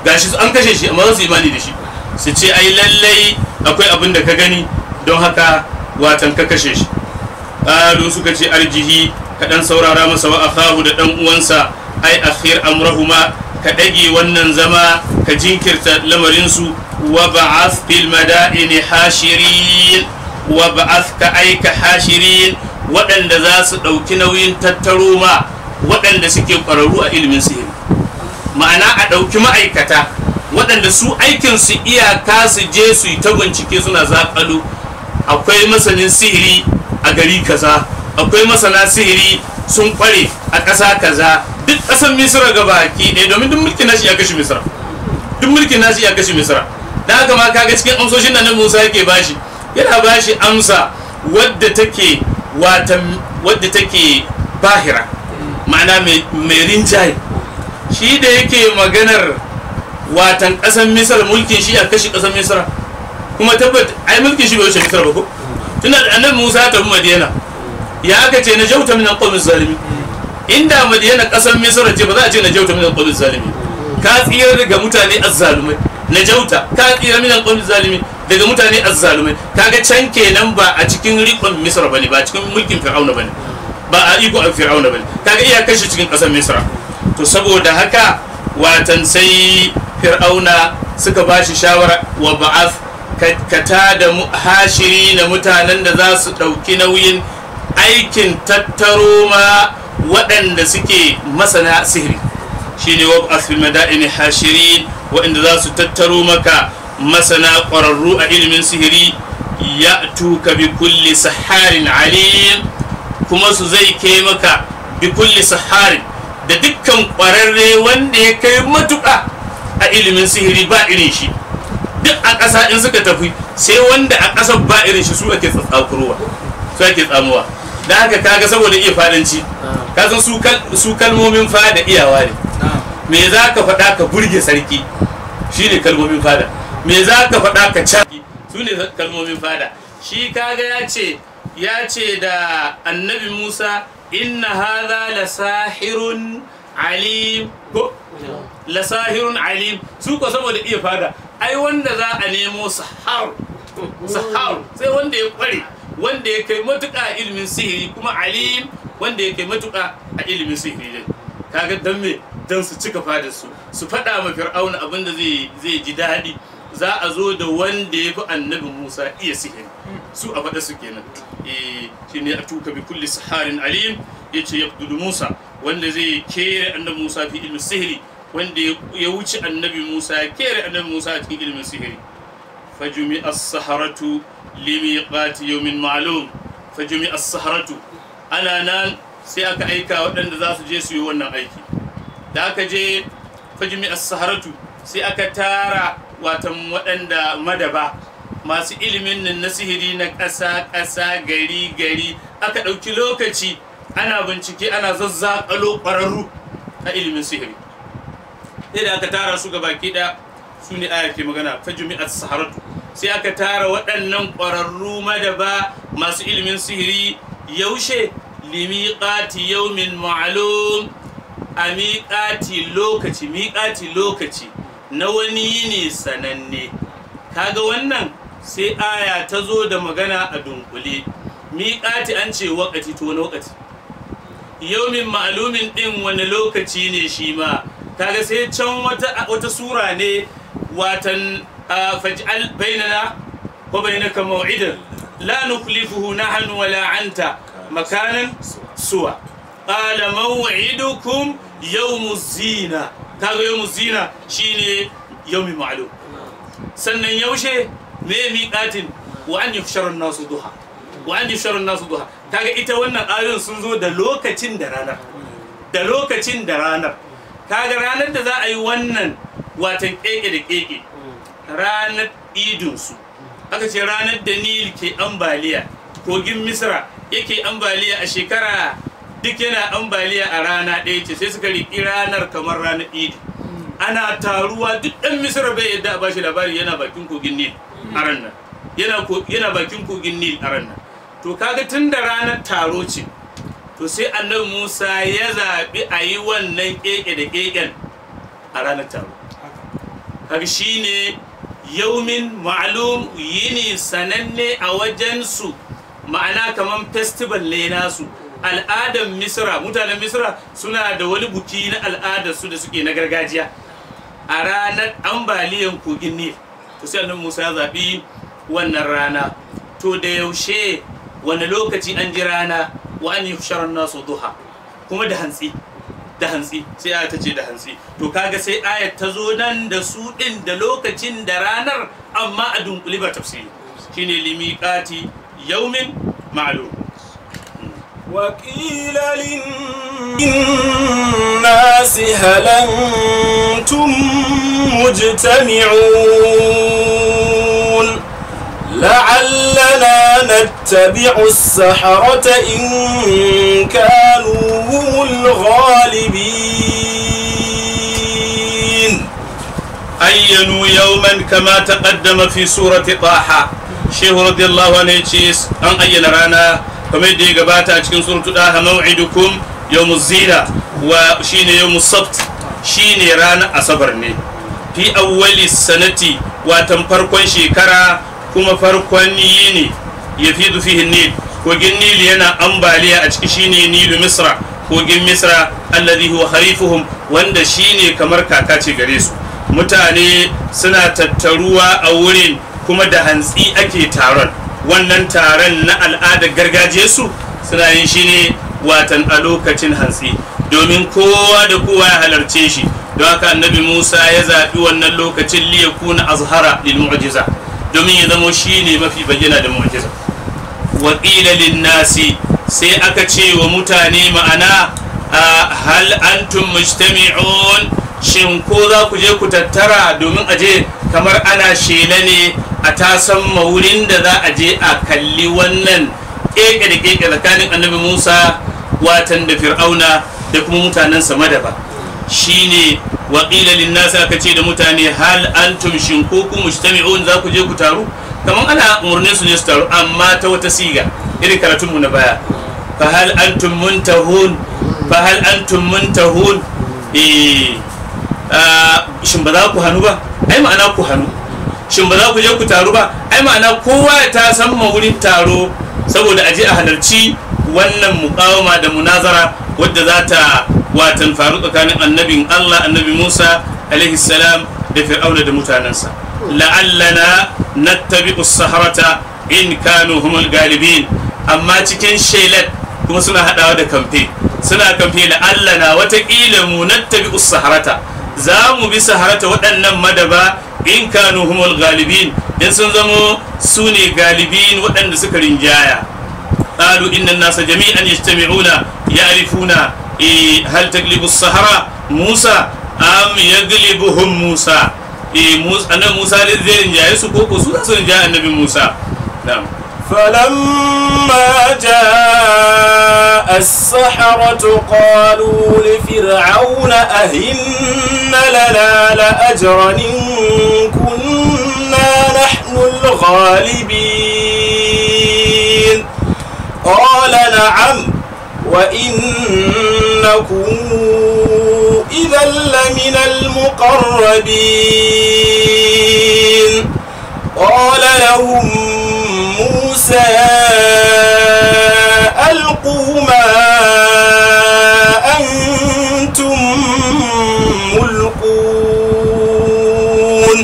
gashi an kashe shi amma su imani da shi su ce ai lallai akwai abin da ka gani don haka watan ka kashe shi ƙalu suka ce arjihi ka ɗan saurara masa wa akahu da ɗan uwansa ai akhir amrahuma ka dage wannan zama ka jinkirta lamarinsu wa ba'ath fil madaini hashirin wa ba'ath ka aika hashirin waɗanda za su ɗauki nauyin tattaro ma waɗanda suke ƙwararru a ilimin sihiri ma'ana a ɗauki ma'aikata waɗanda su aikin su iyaka su je su yi ta bincike suna zaƙalo akwai masanin sihiri a gari kaza akwai masana sihiri sun ƙware a ƙasa kaza duk ƙasar misira ga baki ne domin duk mulkin nashi ya kashe misira duk mulkin nashi ya kashe misira da haka ma kaga cikin amsoshin nan musa yake bashi yana bashi amsa wadda take wata wadda take bahira ma'ana mai rinjaye shi da yake maganar watan ƙasar misira mulkin shi ya kashe ƙasar misira kuma tabbat ai mulkin shi bai wuce misira ba ko tunda annabi musa ta tafi madina ya aka ce na jauta min alqawmi zalimin inda madiyana kasar misra ce ba za a ce Jauta min alqawmi zalimi ka tsira daga mutane na jauta ka tsira min alqawmi zalimi daga mutane azzalumai kaga can kenan ba a cikin riƙon misra bane ba cikin mulkin fir'auna bane ba a iko a fir'auna bane kaga iya kashe cikin kasar misra to saboda haka watan sai fir'auna suka ba shi shawara wa ba'as ka tada hashiri na mutanen da za su ɗauki nauyin aikin tattaro ma waɗanda suke masana sihiri shine wa asfil madaini hashirin waɗanda za su tattaro maka masana ƙwararru a ilimin sihiri ya tuka bi kulli saharin alim kuma su zai kai maka bi kulli saharin da dukkan ƙwararre wanda ya kai matuƙa a ilimin sihiri ba irin shi duk a ƙasa in suka tafi sai wanda a ƙasar ba irin shi su ake tsatsakurwa su ake da haka kaga saboda iya fadanci ah. ka san su kalmomin fada iyawa ne ah. me za ka faɗa ka burge sarki Shi ne kalmomin fada me za ka faɗa ka caki su ne kalmomin fada shi kaga ya ce ya ce da annabi musa inna haza la sahirun alim ko la sahirun alim su ko saboda iya fada ai wanda za a nemo sahar sahar sai wanda ya kware wanda ya kai matuƙa a ilimin sihiri kuma alim wanda ya kai matuƙa a ilimin sihiri din kaga dan me dan su cika fada su su faɗa ma fir'auna abin da zai zai ji daɗi za a zo da wanda ya fi annabi musa iya sihiri su a faɗa su kenan eh shine a tuka bi kulli saharin alim yace yaqdulu musa wanda zai kere annabi musa fi ilmin sihiri wanda ya wuce annabi musa kere annabi musa a cikin ilimin sihiri فجمع السحرة لميقات يوم معلوم فجمع السحرة أنا نان سيأك أيكا ودن ذات جيسي ونا أيكي je جي فجمع السحرة سيأك تارا واتم ودن مدبا masu ilimin nan na sihiri na ƙasa ƙasa gari gari aka ɗauki lokaci ana bincike ana zazzaƙalo ƙwararru a ilimin sihiri sai da aka tara su gaba ɗaya su ne aya ke magana jumi'at saharat sai aka tara waɗannan ƙwararru ba masu ilimin sihiri yaushe limiƙati yaumin ma'alum a miƙati lokaci miƙati lokaci na wani yini sananne kaga wannan sai aya ta zo da magana a dunkule miƙati an ce wakati to wani wakati yaumin ma'alumin ɗin wani lokaci ne shi ma kaga sai can wata sura ne watan faj'al bainana wa bainaka maw'idan la nukhlifuhu nahnu la anta makanan suwa qala maw'idukum yawmu zina kaga yawmu zina shine yawmi ma'lum sannan yaushe me qatin wa an yufshara an-nasu duha wa an yufshara an-nasu duha kaga ita wannan ayoyin sun zo da lokacin da ranar da lokacin da ranar kaga ranar da za a yi wannan watan keke da keke ranar idinsu aka ce ranar da nil ke ambaliya kogin misra yake ambaliya a shekara duk yana ambaliya a rana ɗaya ce sai suka riƙi ranar kamar ranar idin ana taruwa duk ɗan misra bai yadda a bashi labari yana bakin kogin nil a ranar yana bakin kogin nil a ranar to kaga tun da ranar taro ce to sai annabi musa ya zaɓi a yi wannan keke da keken a ranar taro haka ne yaumin yi yini sananne a wajensu ma'ana kamar festival ne nasu al'adar misra mutanen misra suna da wani buki na al'adar su da suke na gargajiya a ranar ambaliyan kogin ne to sai annabi musa zabi zaɓi wannan rana to da yaushe wani lokaci an ji rana wa an yi nasu duha kuma da hantsi da hantsi sai aya tace da hantsi to kaga sai ayat ta zo nan da su din da lokacin da ranar amma a dunkuli ba tafsiri shine limiqati yawmin ma'lum وقيل للناس هل انتم مجتمعون لعلنا نتبع السحرة إن كانوا الغالبين أينوا يوما كما تقدم في سورة طه شيخ رضي الله عنه يتشيس أن أين رانا كما يدي قباتا أتكين سورة طه موعدكم يوم الزينة وشين يوم السبت شين رانا أصبرني في أول السنة وتنفرقون شكرا كما فرقون يني يفيد فيه النيل وجنيل ينا yana ambaliya a ciki shine kogin misra alladhi huwa wanda shine kamar kaka ce gare su mutane suna tattaruwa a wurin kuma da hantsi ake taron wannan taron na al'adar gargajiya su suna yin shi ne watan a lokacin hantsi domin kowa da kowa ya halarce shi don haka annabi musa ya zaɓi wannan lokacin na azhara lil mu'jiza domin ya zamo shi ne mafi bayyana da mu'jiza wa qila lin nasi sai aka ce wa mutane ma'ana a hal antum mujtami'un shin ko za ku je ku tattara domin a je kamar ana shela ne a tasan maurin da za a je a kalli wannan keke da keke tsakanin annabi musa watan da fir'auna da kuma mutanen sama da ba shine waƙila linnasa aka ce da mutane hal antum shin ku mujtami'un za ku je ku taru kamar ana umarnin su ne su taru amma ta wata siga irin karatun mu na baya fa hal antum muntahun fa hal antum muntahun eh shin ba za ku hannu ba ai ma'ana ku hannu shin ba za ku je ku taru ba ai ma'ana kowa ta san ma wurin taro saboda aje a halarci wannan muqawama da munazara wadda za ta watan faru tsakanin annabin Allah annabi Musa alaihi salam da fir'auna da mutanensa la'allana nattabi'u saharata in kanu humul galibin amma cikin shelat kuma suna hadawa da kamfe suna kamfe la'allana wataƙila mu nattabi'u saharata za mu bi saharata waɗannan madaba in kanu humul galibin in sun zamo su ne galibin waɗanda suka rinjaya قالوا إن الناس جميعا يجتمعون يعرفون هل تقلب الصحراء موسى أم يقلبهم موسى Eh, annabi musa zai rinjaye su ko su za rinjaye annabi musa na'am فلما جاء السحرة قالوا لفرعون أهن لنا لأجرا إن كنا نحن الغالبين قال نعم وإنكم إذا لمن المقربين قال لهم موسى ألقوا ما أنتم ملقون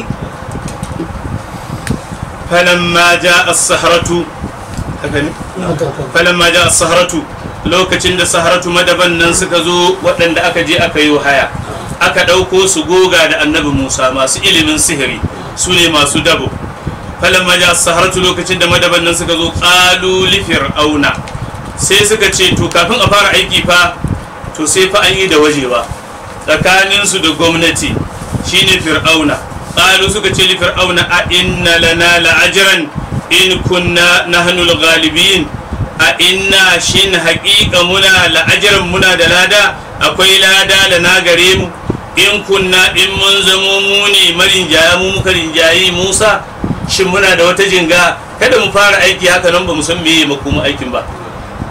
فلما جاء السهرة فلما جاء السهرة lokacin da saharatu madaban nan suka zo waɗanda aka je aka yi haya aka ɗauko su goga da annabi musa masu ilimin sihiri su ne masu dabo falon maja saharatu lokacin da madaban nan suka zo ƙalu auna sai suka ce to kafin a fara aiki fa to sai fa an yi da wajewa tsakaninsu da gwamnati shine fir'auna ƙalu suka ce li fir'auna a inna lana la'ajiran in kunna al ghalibin a inna shin haƙiƙa muna la'ajirin muna da lada akwai lada da na gare mu in kunna in mun zamo mu ne marinjaya mu muka rinjayi musa shin muna da wata jinga kada mu fara aiki haka nan ba mu san meye kuma aikin ba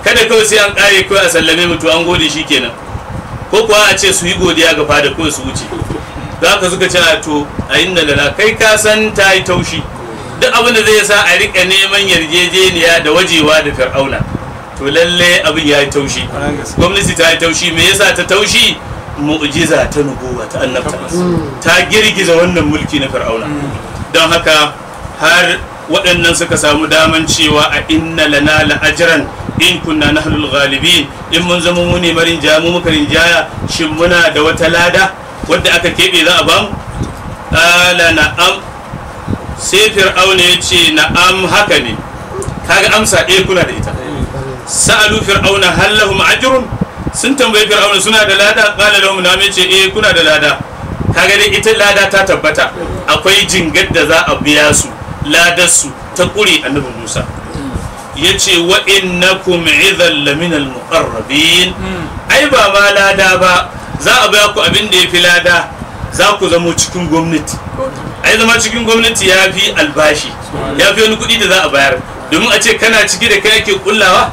kada kawai sai an kare kawai a sallame mutu an gode shi kenan ko kuwa a ce su yi godiya ga fada kawai su wuce za ka suka ce a to a inda lana kai ka san ta yi taushi duk abin da zai sa a riƙe neman yarjejeniya da wajewa da fir'auna to lalle abin ya yi taushi gwamnati ta yi taushi me yasa ta taushi mu'jiza ta nubuwa ta annabta ta girgiza wannan mulki na fir'auna mm. don haka har waɗannan suka samu daman cewa a inna lana la'ajiran in kunna nahlul galibi in mun zama mu ne marin jamu muka rinjaya shin muna da wata lada wadda aka keɓe za a bamu qala na'am sai fir'auna ya ce na'am haka ne kaga amsa ɗaya kuna da ita sa'alu fir'auna hal lahum ajrun sun tambayi fir'auna suna da lada qala lahum na'am ce eh kuna da lada kaga dai ita lada ta tabbata akwai jingar da za a biya su ladar su ta kure annabi Musa yace wa innakum idhal lamin al muqarrabin ai ba ma lada ba za a biya ku abin da yafi lada za ku zamo cikin gwamnati ai zama cikin gwamnati ya fi albashi ya fi wani kuɗi da za a bayar domin a ce kana ciki da kai ake kullawa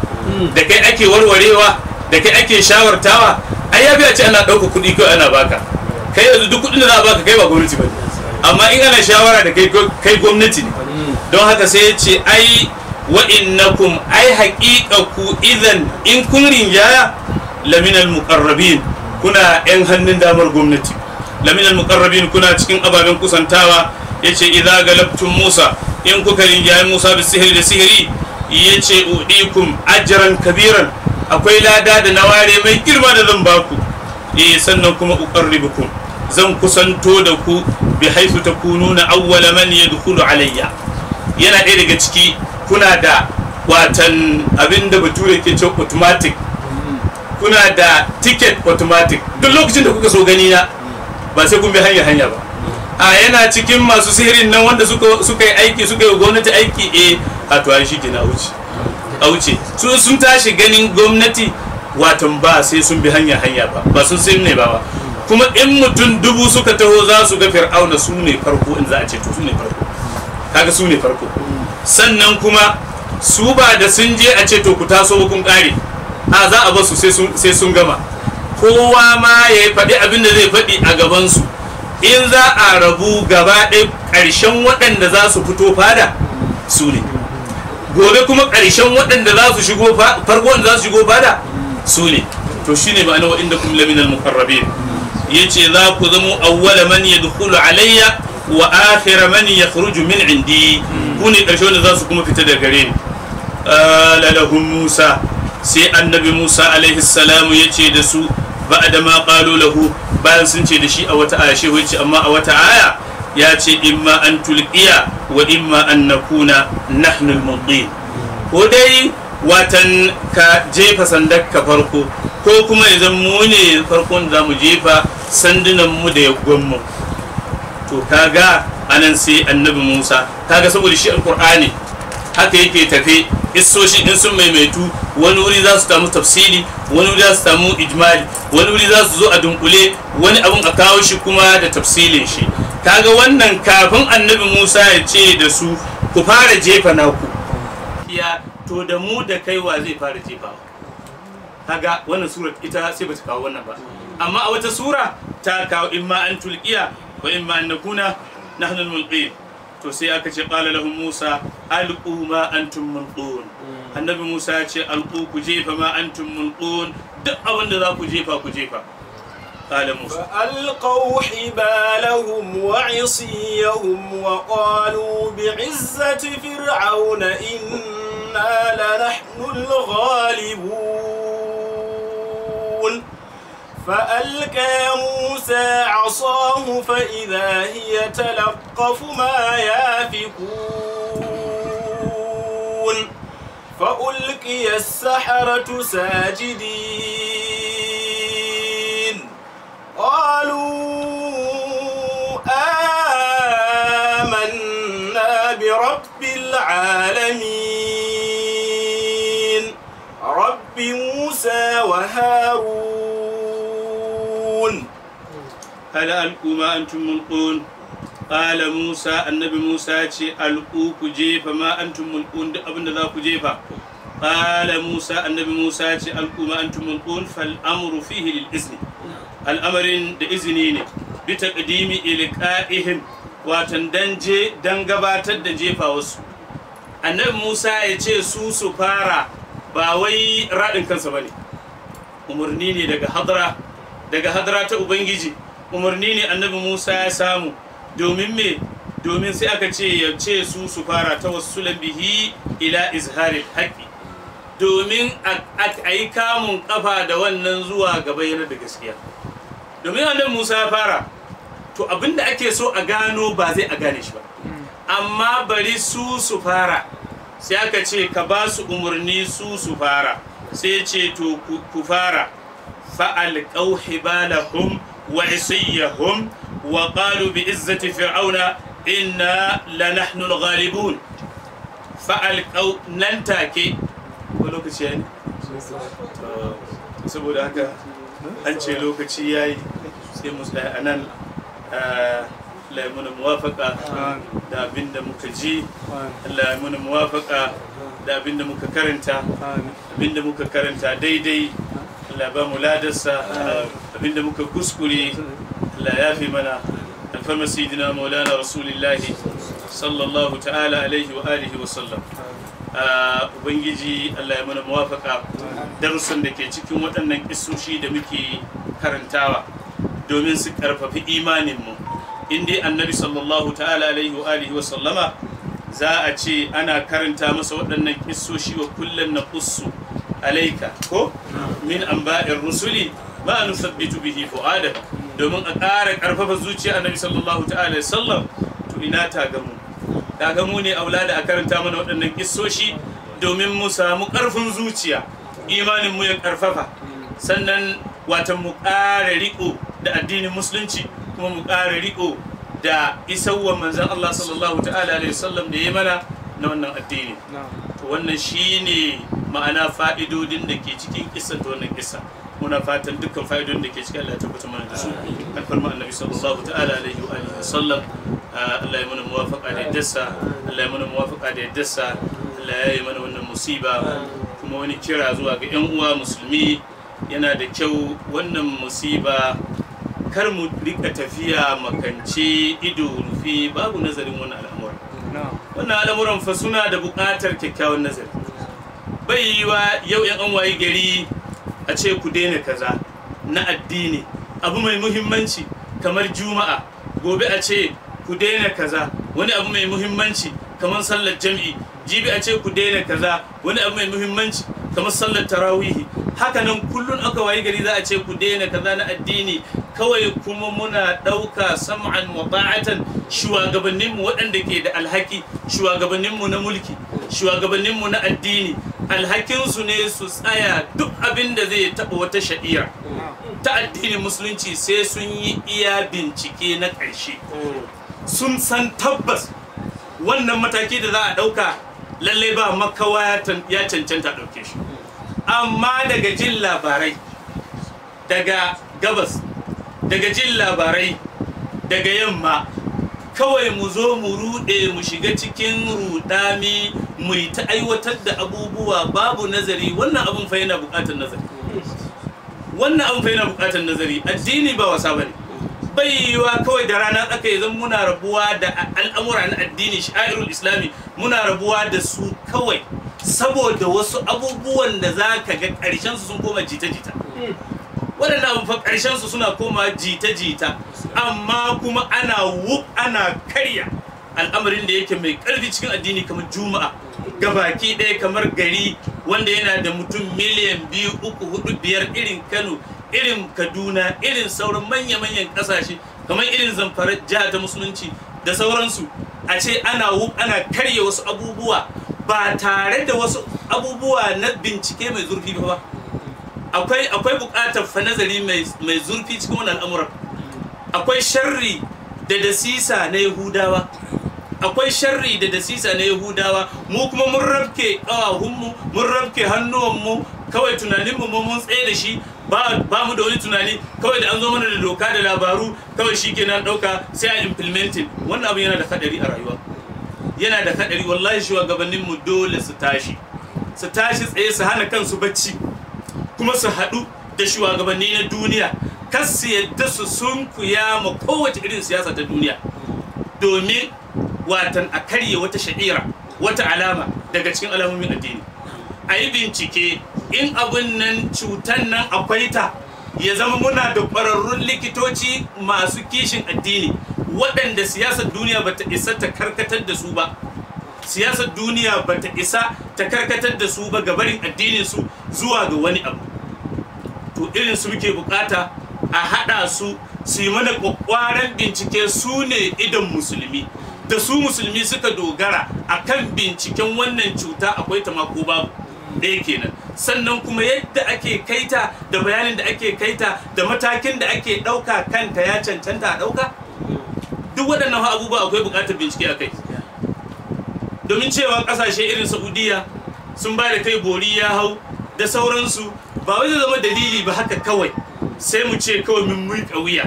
da kai ake warwarewa da kai ake shawartawa ai ya fi a ce ana ɗauka kuɗi kai ana baka kai yanzu duk kuɗin da za a baka kai ba gwamnati ba amma in ana shawara da kai gwamnati ne don haka sai ya ce ai wa'innakum ai haƙiƙa ku idan in kun rinjaya laminal muƙarrabin kuna 'yan hannun damar gwamnati laminal muqarrabin kuna cikin ababen kusantawa yace idza galabtum musa in kuka rinjaye musa bi sihiri da sihiri yace udikum ajran kabiran akwai lada da naware mai girma da zan baku eh sannan kuma uqarribukum zan kusanto da ku bi haisu takununa awwal man yadkhulu alayya yana ɗaya daga ciki kuna da watan abinda bature ke ce automatic kuna da ticket automatic duk lokacin da kuka so gani na ba sai kun bi hanya hanya ba a yana cikin masu sihirin nan wanda suka yi aiki suka yi gwamnati aiki eh, a to shi ke na wuce a wuce su sun tashi ganin gwamnati watan ba sai sun bi hanya hanya ba ba sun sai ne ba ba kuma in mutum dubu suka taho za su ga fir'auna su ne farko in za a ce to su ne farko kaga su ne farko sannan kuma su ba da sun je a ce to ku taso kun kare a za a ba su sai sun gama kowa ma ya faɗi abin da zai faɗi a gabansu in za a rabu gaba ɗaya ƙarshen waɗanda za su fito fada su ne gobe kuma ƙarshen waɗanda za su shigo farko za su shigo fada su ne to shine ma'ana wa'inda kum lamin al-muqarrabin yace za ku zamo awwala man yadkhulu alayya wa akhira man yakhruju min indi ku ne ƙarshe wanda za su kuma fita daga gare ni qala lahum musa sai annabi musa alaihi salamu ya ce da su Ba'a ma qalu lahu bayan sun ce da shi a wata aya shehu yace amma a wata aya ya ce ma an tulqiya wa ma an nakuna nahnu al-mudin ko dai watan ka jefa sandar ka farko ko kuma idan mu ne farkon za mu jefa sandunan mu da yaggon mu to kaga anan sai annabi Musa kaga saboda shi alqur'ani haka yake tafe kissoshi in sun maimaitu wani wuri za su samu tafsiri wani wuri za su samu ijmali wani wuri za su zo a dunkule wani abun a kawo shi kuma da tafsilin shi kaga wannan kafin annabi musa ya ce da su ku fara jefa naku ya to da mu da kaiwa zai fara jefa kaga wannan sura ita sai ba ta kawo wannan ba amma a wata sura ta kawo imma an tulqiya wa imma an nakuna nahnu al-mulqin to sai aka ce qala lahu musa alqu ma antum mulqun annabi musa ya ce alqu ku jefa ma antum mulqun duk abin da za ku jefa ku jefa قال موسى فألقوا حبالهم وعصيهم وقالوا بعزة فرعون إنا لنحن الغالبون فألقى موسى عصاه فإذا هي تلقف ما يافكون فألقي السحرة ساجدين قالوا آمنا برب العالمين رب موسى وهارون هل ألقوا ما أنتم ملقون قال موسى النبي موسى ce alƙu ku jefa ma antum mulkun duk abin da za ku jefa qala musa annabi musa ce alƙu ma antum mulkun fal amru fihi lil izni al'amarin da izini ne bi taqdimi ilqa'ihim watan danje dan gabatar da jefa wasu annabi musa ya ce su su fara ba wai radin kansa umarni ne daga hadra daga hadra ta ubangiji umarni ne annabi musa ya samu domin me domin sai aka ce ya ce su su fara ta wasu bihi ila izharil haƙi domin a yi kamun ƙafa da wannan zuwa gaba bayyana da gaskiya domin annabi musa ya fara to abinda ake so a gano ba zai a gane shi ba amma bari su su fara sai aka ce ka ba su umarni su su fara sai ce to ku fara fa'al qauhibalahum وعصيهم وقالوا بعزة فرعون إنا لنحن الغالبون فألقوا ننتاك ولو كتشين سبو داكا أنشي لو كتشياي سيموس لأنان لأمون موافقة دا بند مكجي لأمون موافقة دا بند مككرنتا بند مككرنتا ديدي دي. Allah ba mu ladarsa eh, abinda muka kuskure Allah ya fi mana alfarma sayyidina maulana rasulillahi sallallahu ta'ala alaihi wa alihi wa sallam eh, ubangiji Allah ya mana muwafaka darussan da ke cikin waɗannan isoshi da muke karantawa domin su karfafi imanin mu in dai annabi sallallahu ta'ala alaihi wa alihi wa sallama za a ce ana karanta masa waɗannan kissoshi wa kullum na kussu alaika ko min amba'ir rusuli ma nusabbitu bihi fu'adak domin a ƙara ƙarfafa zuciya annabi sallallahu ta'ala sallam to ina ta gamu ta gamu ne aulada a karanta mana waɗannan kissoshi domin mu samu ƙarfin zuciya imanin mu ya ƙarfafa sannan wata mu ƙara riƙo da addinin musulunci kuma mu ƙara riƙo da isawwa manzon Allah sallallahu ta'ala alaihi da ya mana na wannan addini wannan shine ma'ana fa'idodin da ke cikin kisan ta wannan kisa muna fatan dukkan fa'idodin da ke cikin Allah ya tabbata mana da su alfarma annabi sallallahu ta'ala alaihi wa alihi sallam ah, Allah ya mana muwafaqa da yaddarsa Allah ya mana muwafaqa da yaddarsa Allah ya yi mana wannan musiba kuma wani kira zuwa ga yan uwa musulmi yana da kyau wannan musiba kar mu rika tafiya makance ido rufi babu nazarin wani al'amari wannan al'amuran fa suna da buƙatar kyakkyawan nazari bai yi wa yau yan an wayi gari a ce ku daina kaza na addini abu mai muhimmanci kamar juma'a gobe a ce ku daina kaza wani abu mai muhimmanci kamar sallar jam'i jibi a ce ku daina kaza wani abu mai muhimmanci kamar sallar tarawihi haka nan kullun aka wayi gari za a ce ku daina kaza na addini kawai kuma muna ɗauka sam'an wa ba'atan shugabanninmu waɗanda ke da alhaki shugabanninmu na mulki shugabanninmu na addini alhakinsu ne su tsaya duk abin da zai taɓa wata shari'a ta addinin musulunci sai sun yi iya bincike na ƙarshe sun san tabbas wannan mataki da za a ɗauka lallai ba makawa ya cancanta ɗauke shi amma daga jin labarai daga gabas daga jin labarai daga yamma kawai mu zo mu ruɗe mu shiga cikin ruɗami mu yi ta aiwatar da abubuwa babu nazari wannan abin fa yana buƙatar nazari wannan abin fa yana buƙatar nazari addini ba wasa bane bai yiwa kawai da rana tsaka zan muna rabuwa da al'amura na addini sha'irul islami muna rabuwa da su kawai saboda wasu abubuwan da za ka ga ƙarshen su sun koma jita-jita waɗanda abu fa su suna koma jita-jita amma kuma ana wuk ana karya al'amarin da yake mai ƙarfi cikin addini kamar juma'a ga baki ɗaya kamar gari wanda yana da mutum miliyan biyu uku hudu biyar irin kano irin kaduna irin sauran manya-manyan ƙasashe kamar irin zamfara jiha ta musulunci da sauransu a ce ana wuk ana karya wasu abubuwa ba tare da wasu abubuwa na bincike mai zurfi ba akwai akwai bukatar fa nazari mai mai zurfi cikin wannan al'amuran akwai sharri da dasisa na yahudawa akwai sharri da dasisa na yahudawa mu kuma mun rabke ƙawahunmu mun rabke hannuwanmu kawai tunaninmu mu mun tsaye da shi ba mu da wani tunani kawai da an zo mana da doka da labaru kawai shi ke nan ɗauka sai a implementing wannan abin yana da haɗari a rayuwa yana da haɗari wallahi shugabanninmu dole su tashi su tashi tsaye su hana kansu bacci kuma su haɗu da shugabanni na duniya kar su yadda su sun kuya ma kowace irin siyasa ta duniya domin watan a karye wata sha'ira wata alama daga cikin alamomin addini a yi bincike in abin nan cutan nan akwai ta ya zama muna da ƙwararrun likitoci masu kishin addini waɗanda siyasar duniya ba ta isa ta karkatar da su ba siyasar duniya ba ta isa ta karkatar da su ba ga barin addinin su zuwa ga wani abu to irin su muke bukata a haɗa su su yi mana kwakwaran bincike su ne idan musulmi da su musulmi suka dogara a kan binciken wannan cuta akwai ta mako babu ɗaya kenan sannan kuma yadda ake kaita da bayanin da ake kaita da matakin da ake ɗauka kanta ya cancanta a ɗauka duk waɗannan abubuwa akwai buƙatar bincike a kai domin cewa kasashe irin saudiya sun ba da kai bori ya hau da sauransu ba wai zai zama dalili ba haka kawai sai mu ce kawai mun miƙa wuya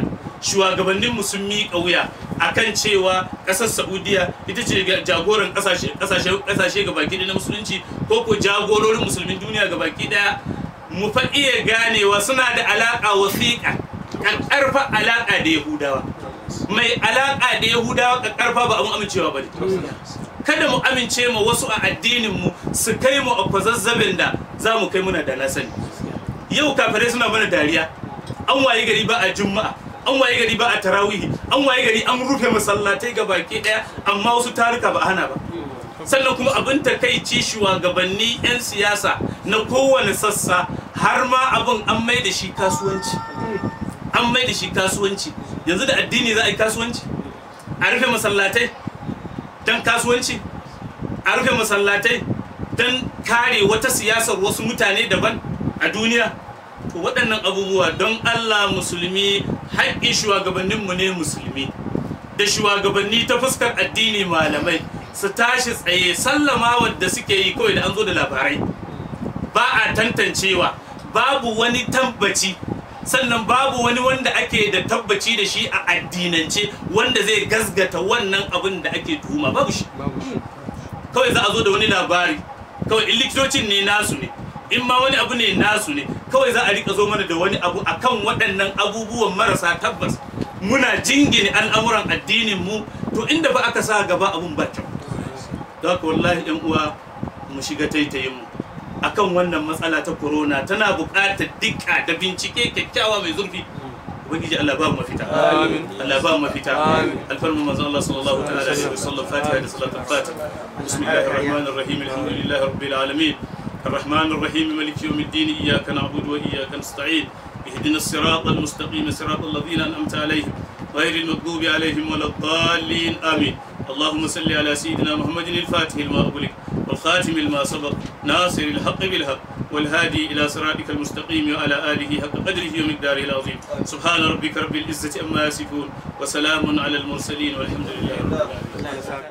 mu sun miƙa wuya akan cewa ƙasar saudiya ita ce jagoran ƙasashe ga baki na musulunci ko ko jagororin musulmin duniya ga baki ɗaya mu fa iya ganewa suna da alaƙa wasiƙa ƙarfa alaƙa da yahudawa mai alaƙa da yahudawa ƙarfa ba a amincewa ba ne kada mu amince ma wasu a addinin mu su kai mu a kwazazzabin da za mu kai muna da na sani yau kafirai suna mana dariya an waye gari ba a juma'a an waye gari ba a tarawihi an waye gari an rufe masallatai ga baki daya amma wasu taruka ba hana ba sannan kuma abin ta kai takaici shugabanni 'yan siyasa na kowane sassa har ma abin an mai da shi kasuwanci an mai da shi kasuwanci yanzu da addini za a yi kasuwanci a rufe masallatai don kasuwanci a rufe masallatai don kare wata siyasar wasu mutane daban a duniya to waɗannan abubuwa don allah musulmi haƙƙin shugabanninmu ne musulmi da shugabanni ta fuskar addini malamai su tashi tsaye sallama da suke yi kawai da an zo da labarai ba a tantancewa babu wani tambaci. sannan babu wani wanda ake da tabbaci da shi a addinance wanda zai gasgata wannan abin da ake tuhuma babu shi kawai za a zo da wani labari kawai in likitocin ne nasu ne in ma wani abu ne nasu ne kawai za a rika zo mana da wani abu akan waɗannan abubuwan marasa tabbas muna jingine al'amuran addinin mu to inda ba aka sa gaba abun ba kyau da wallahi yan uwa mu shiga taitayin mu akan wannan matsala ta corona tana buƙatar dika da bincike kyakkyawa mai zurfi ubangiji Allah ba mu mafita amin Allah ba mu mafita amin alfarmu manzo Allah sallallahu ta'ala alaihi wasallam fatiha da salatul fatiha bismillahir rahmanir rahim alhamdulillahi rabbil alamin الرحمن الرحيم مالك يوم الدين إياك نعبد وإياك نستعين اهدنا الصراط المستقيم صراط الذين أنعمت عليهم غير المغضوب عليهم ولا الضالين آمين اللهم صل على سيدنا محمد الفاتح لما أغلق والخاتم لما سبق ناصر الحق بالحق والهادي إلى صراطك المستقيم وعلى آله حق قدره ومقداره العظيم سبحان ربك رب العزة أما يصفون وسلام على المرسلين والحمد لله رب العالمين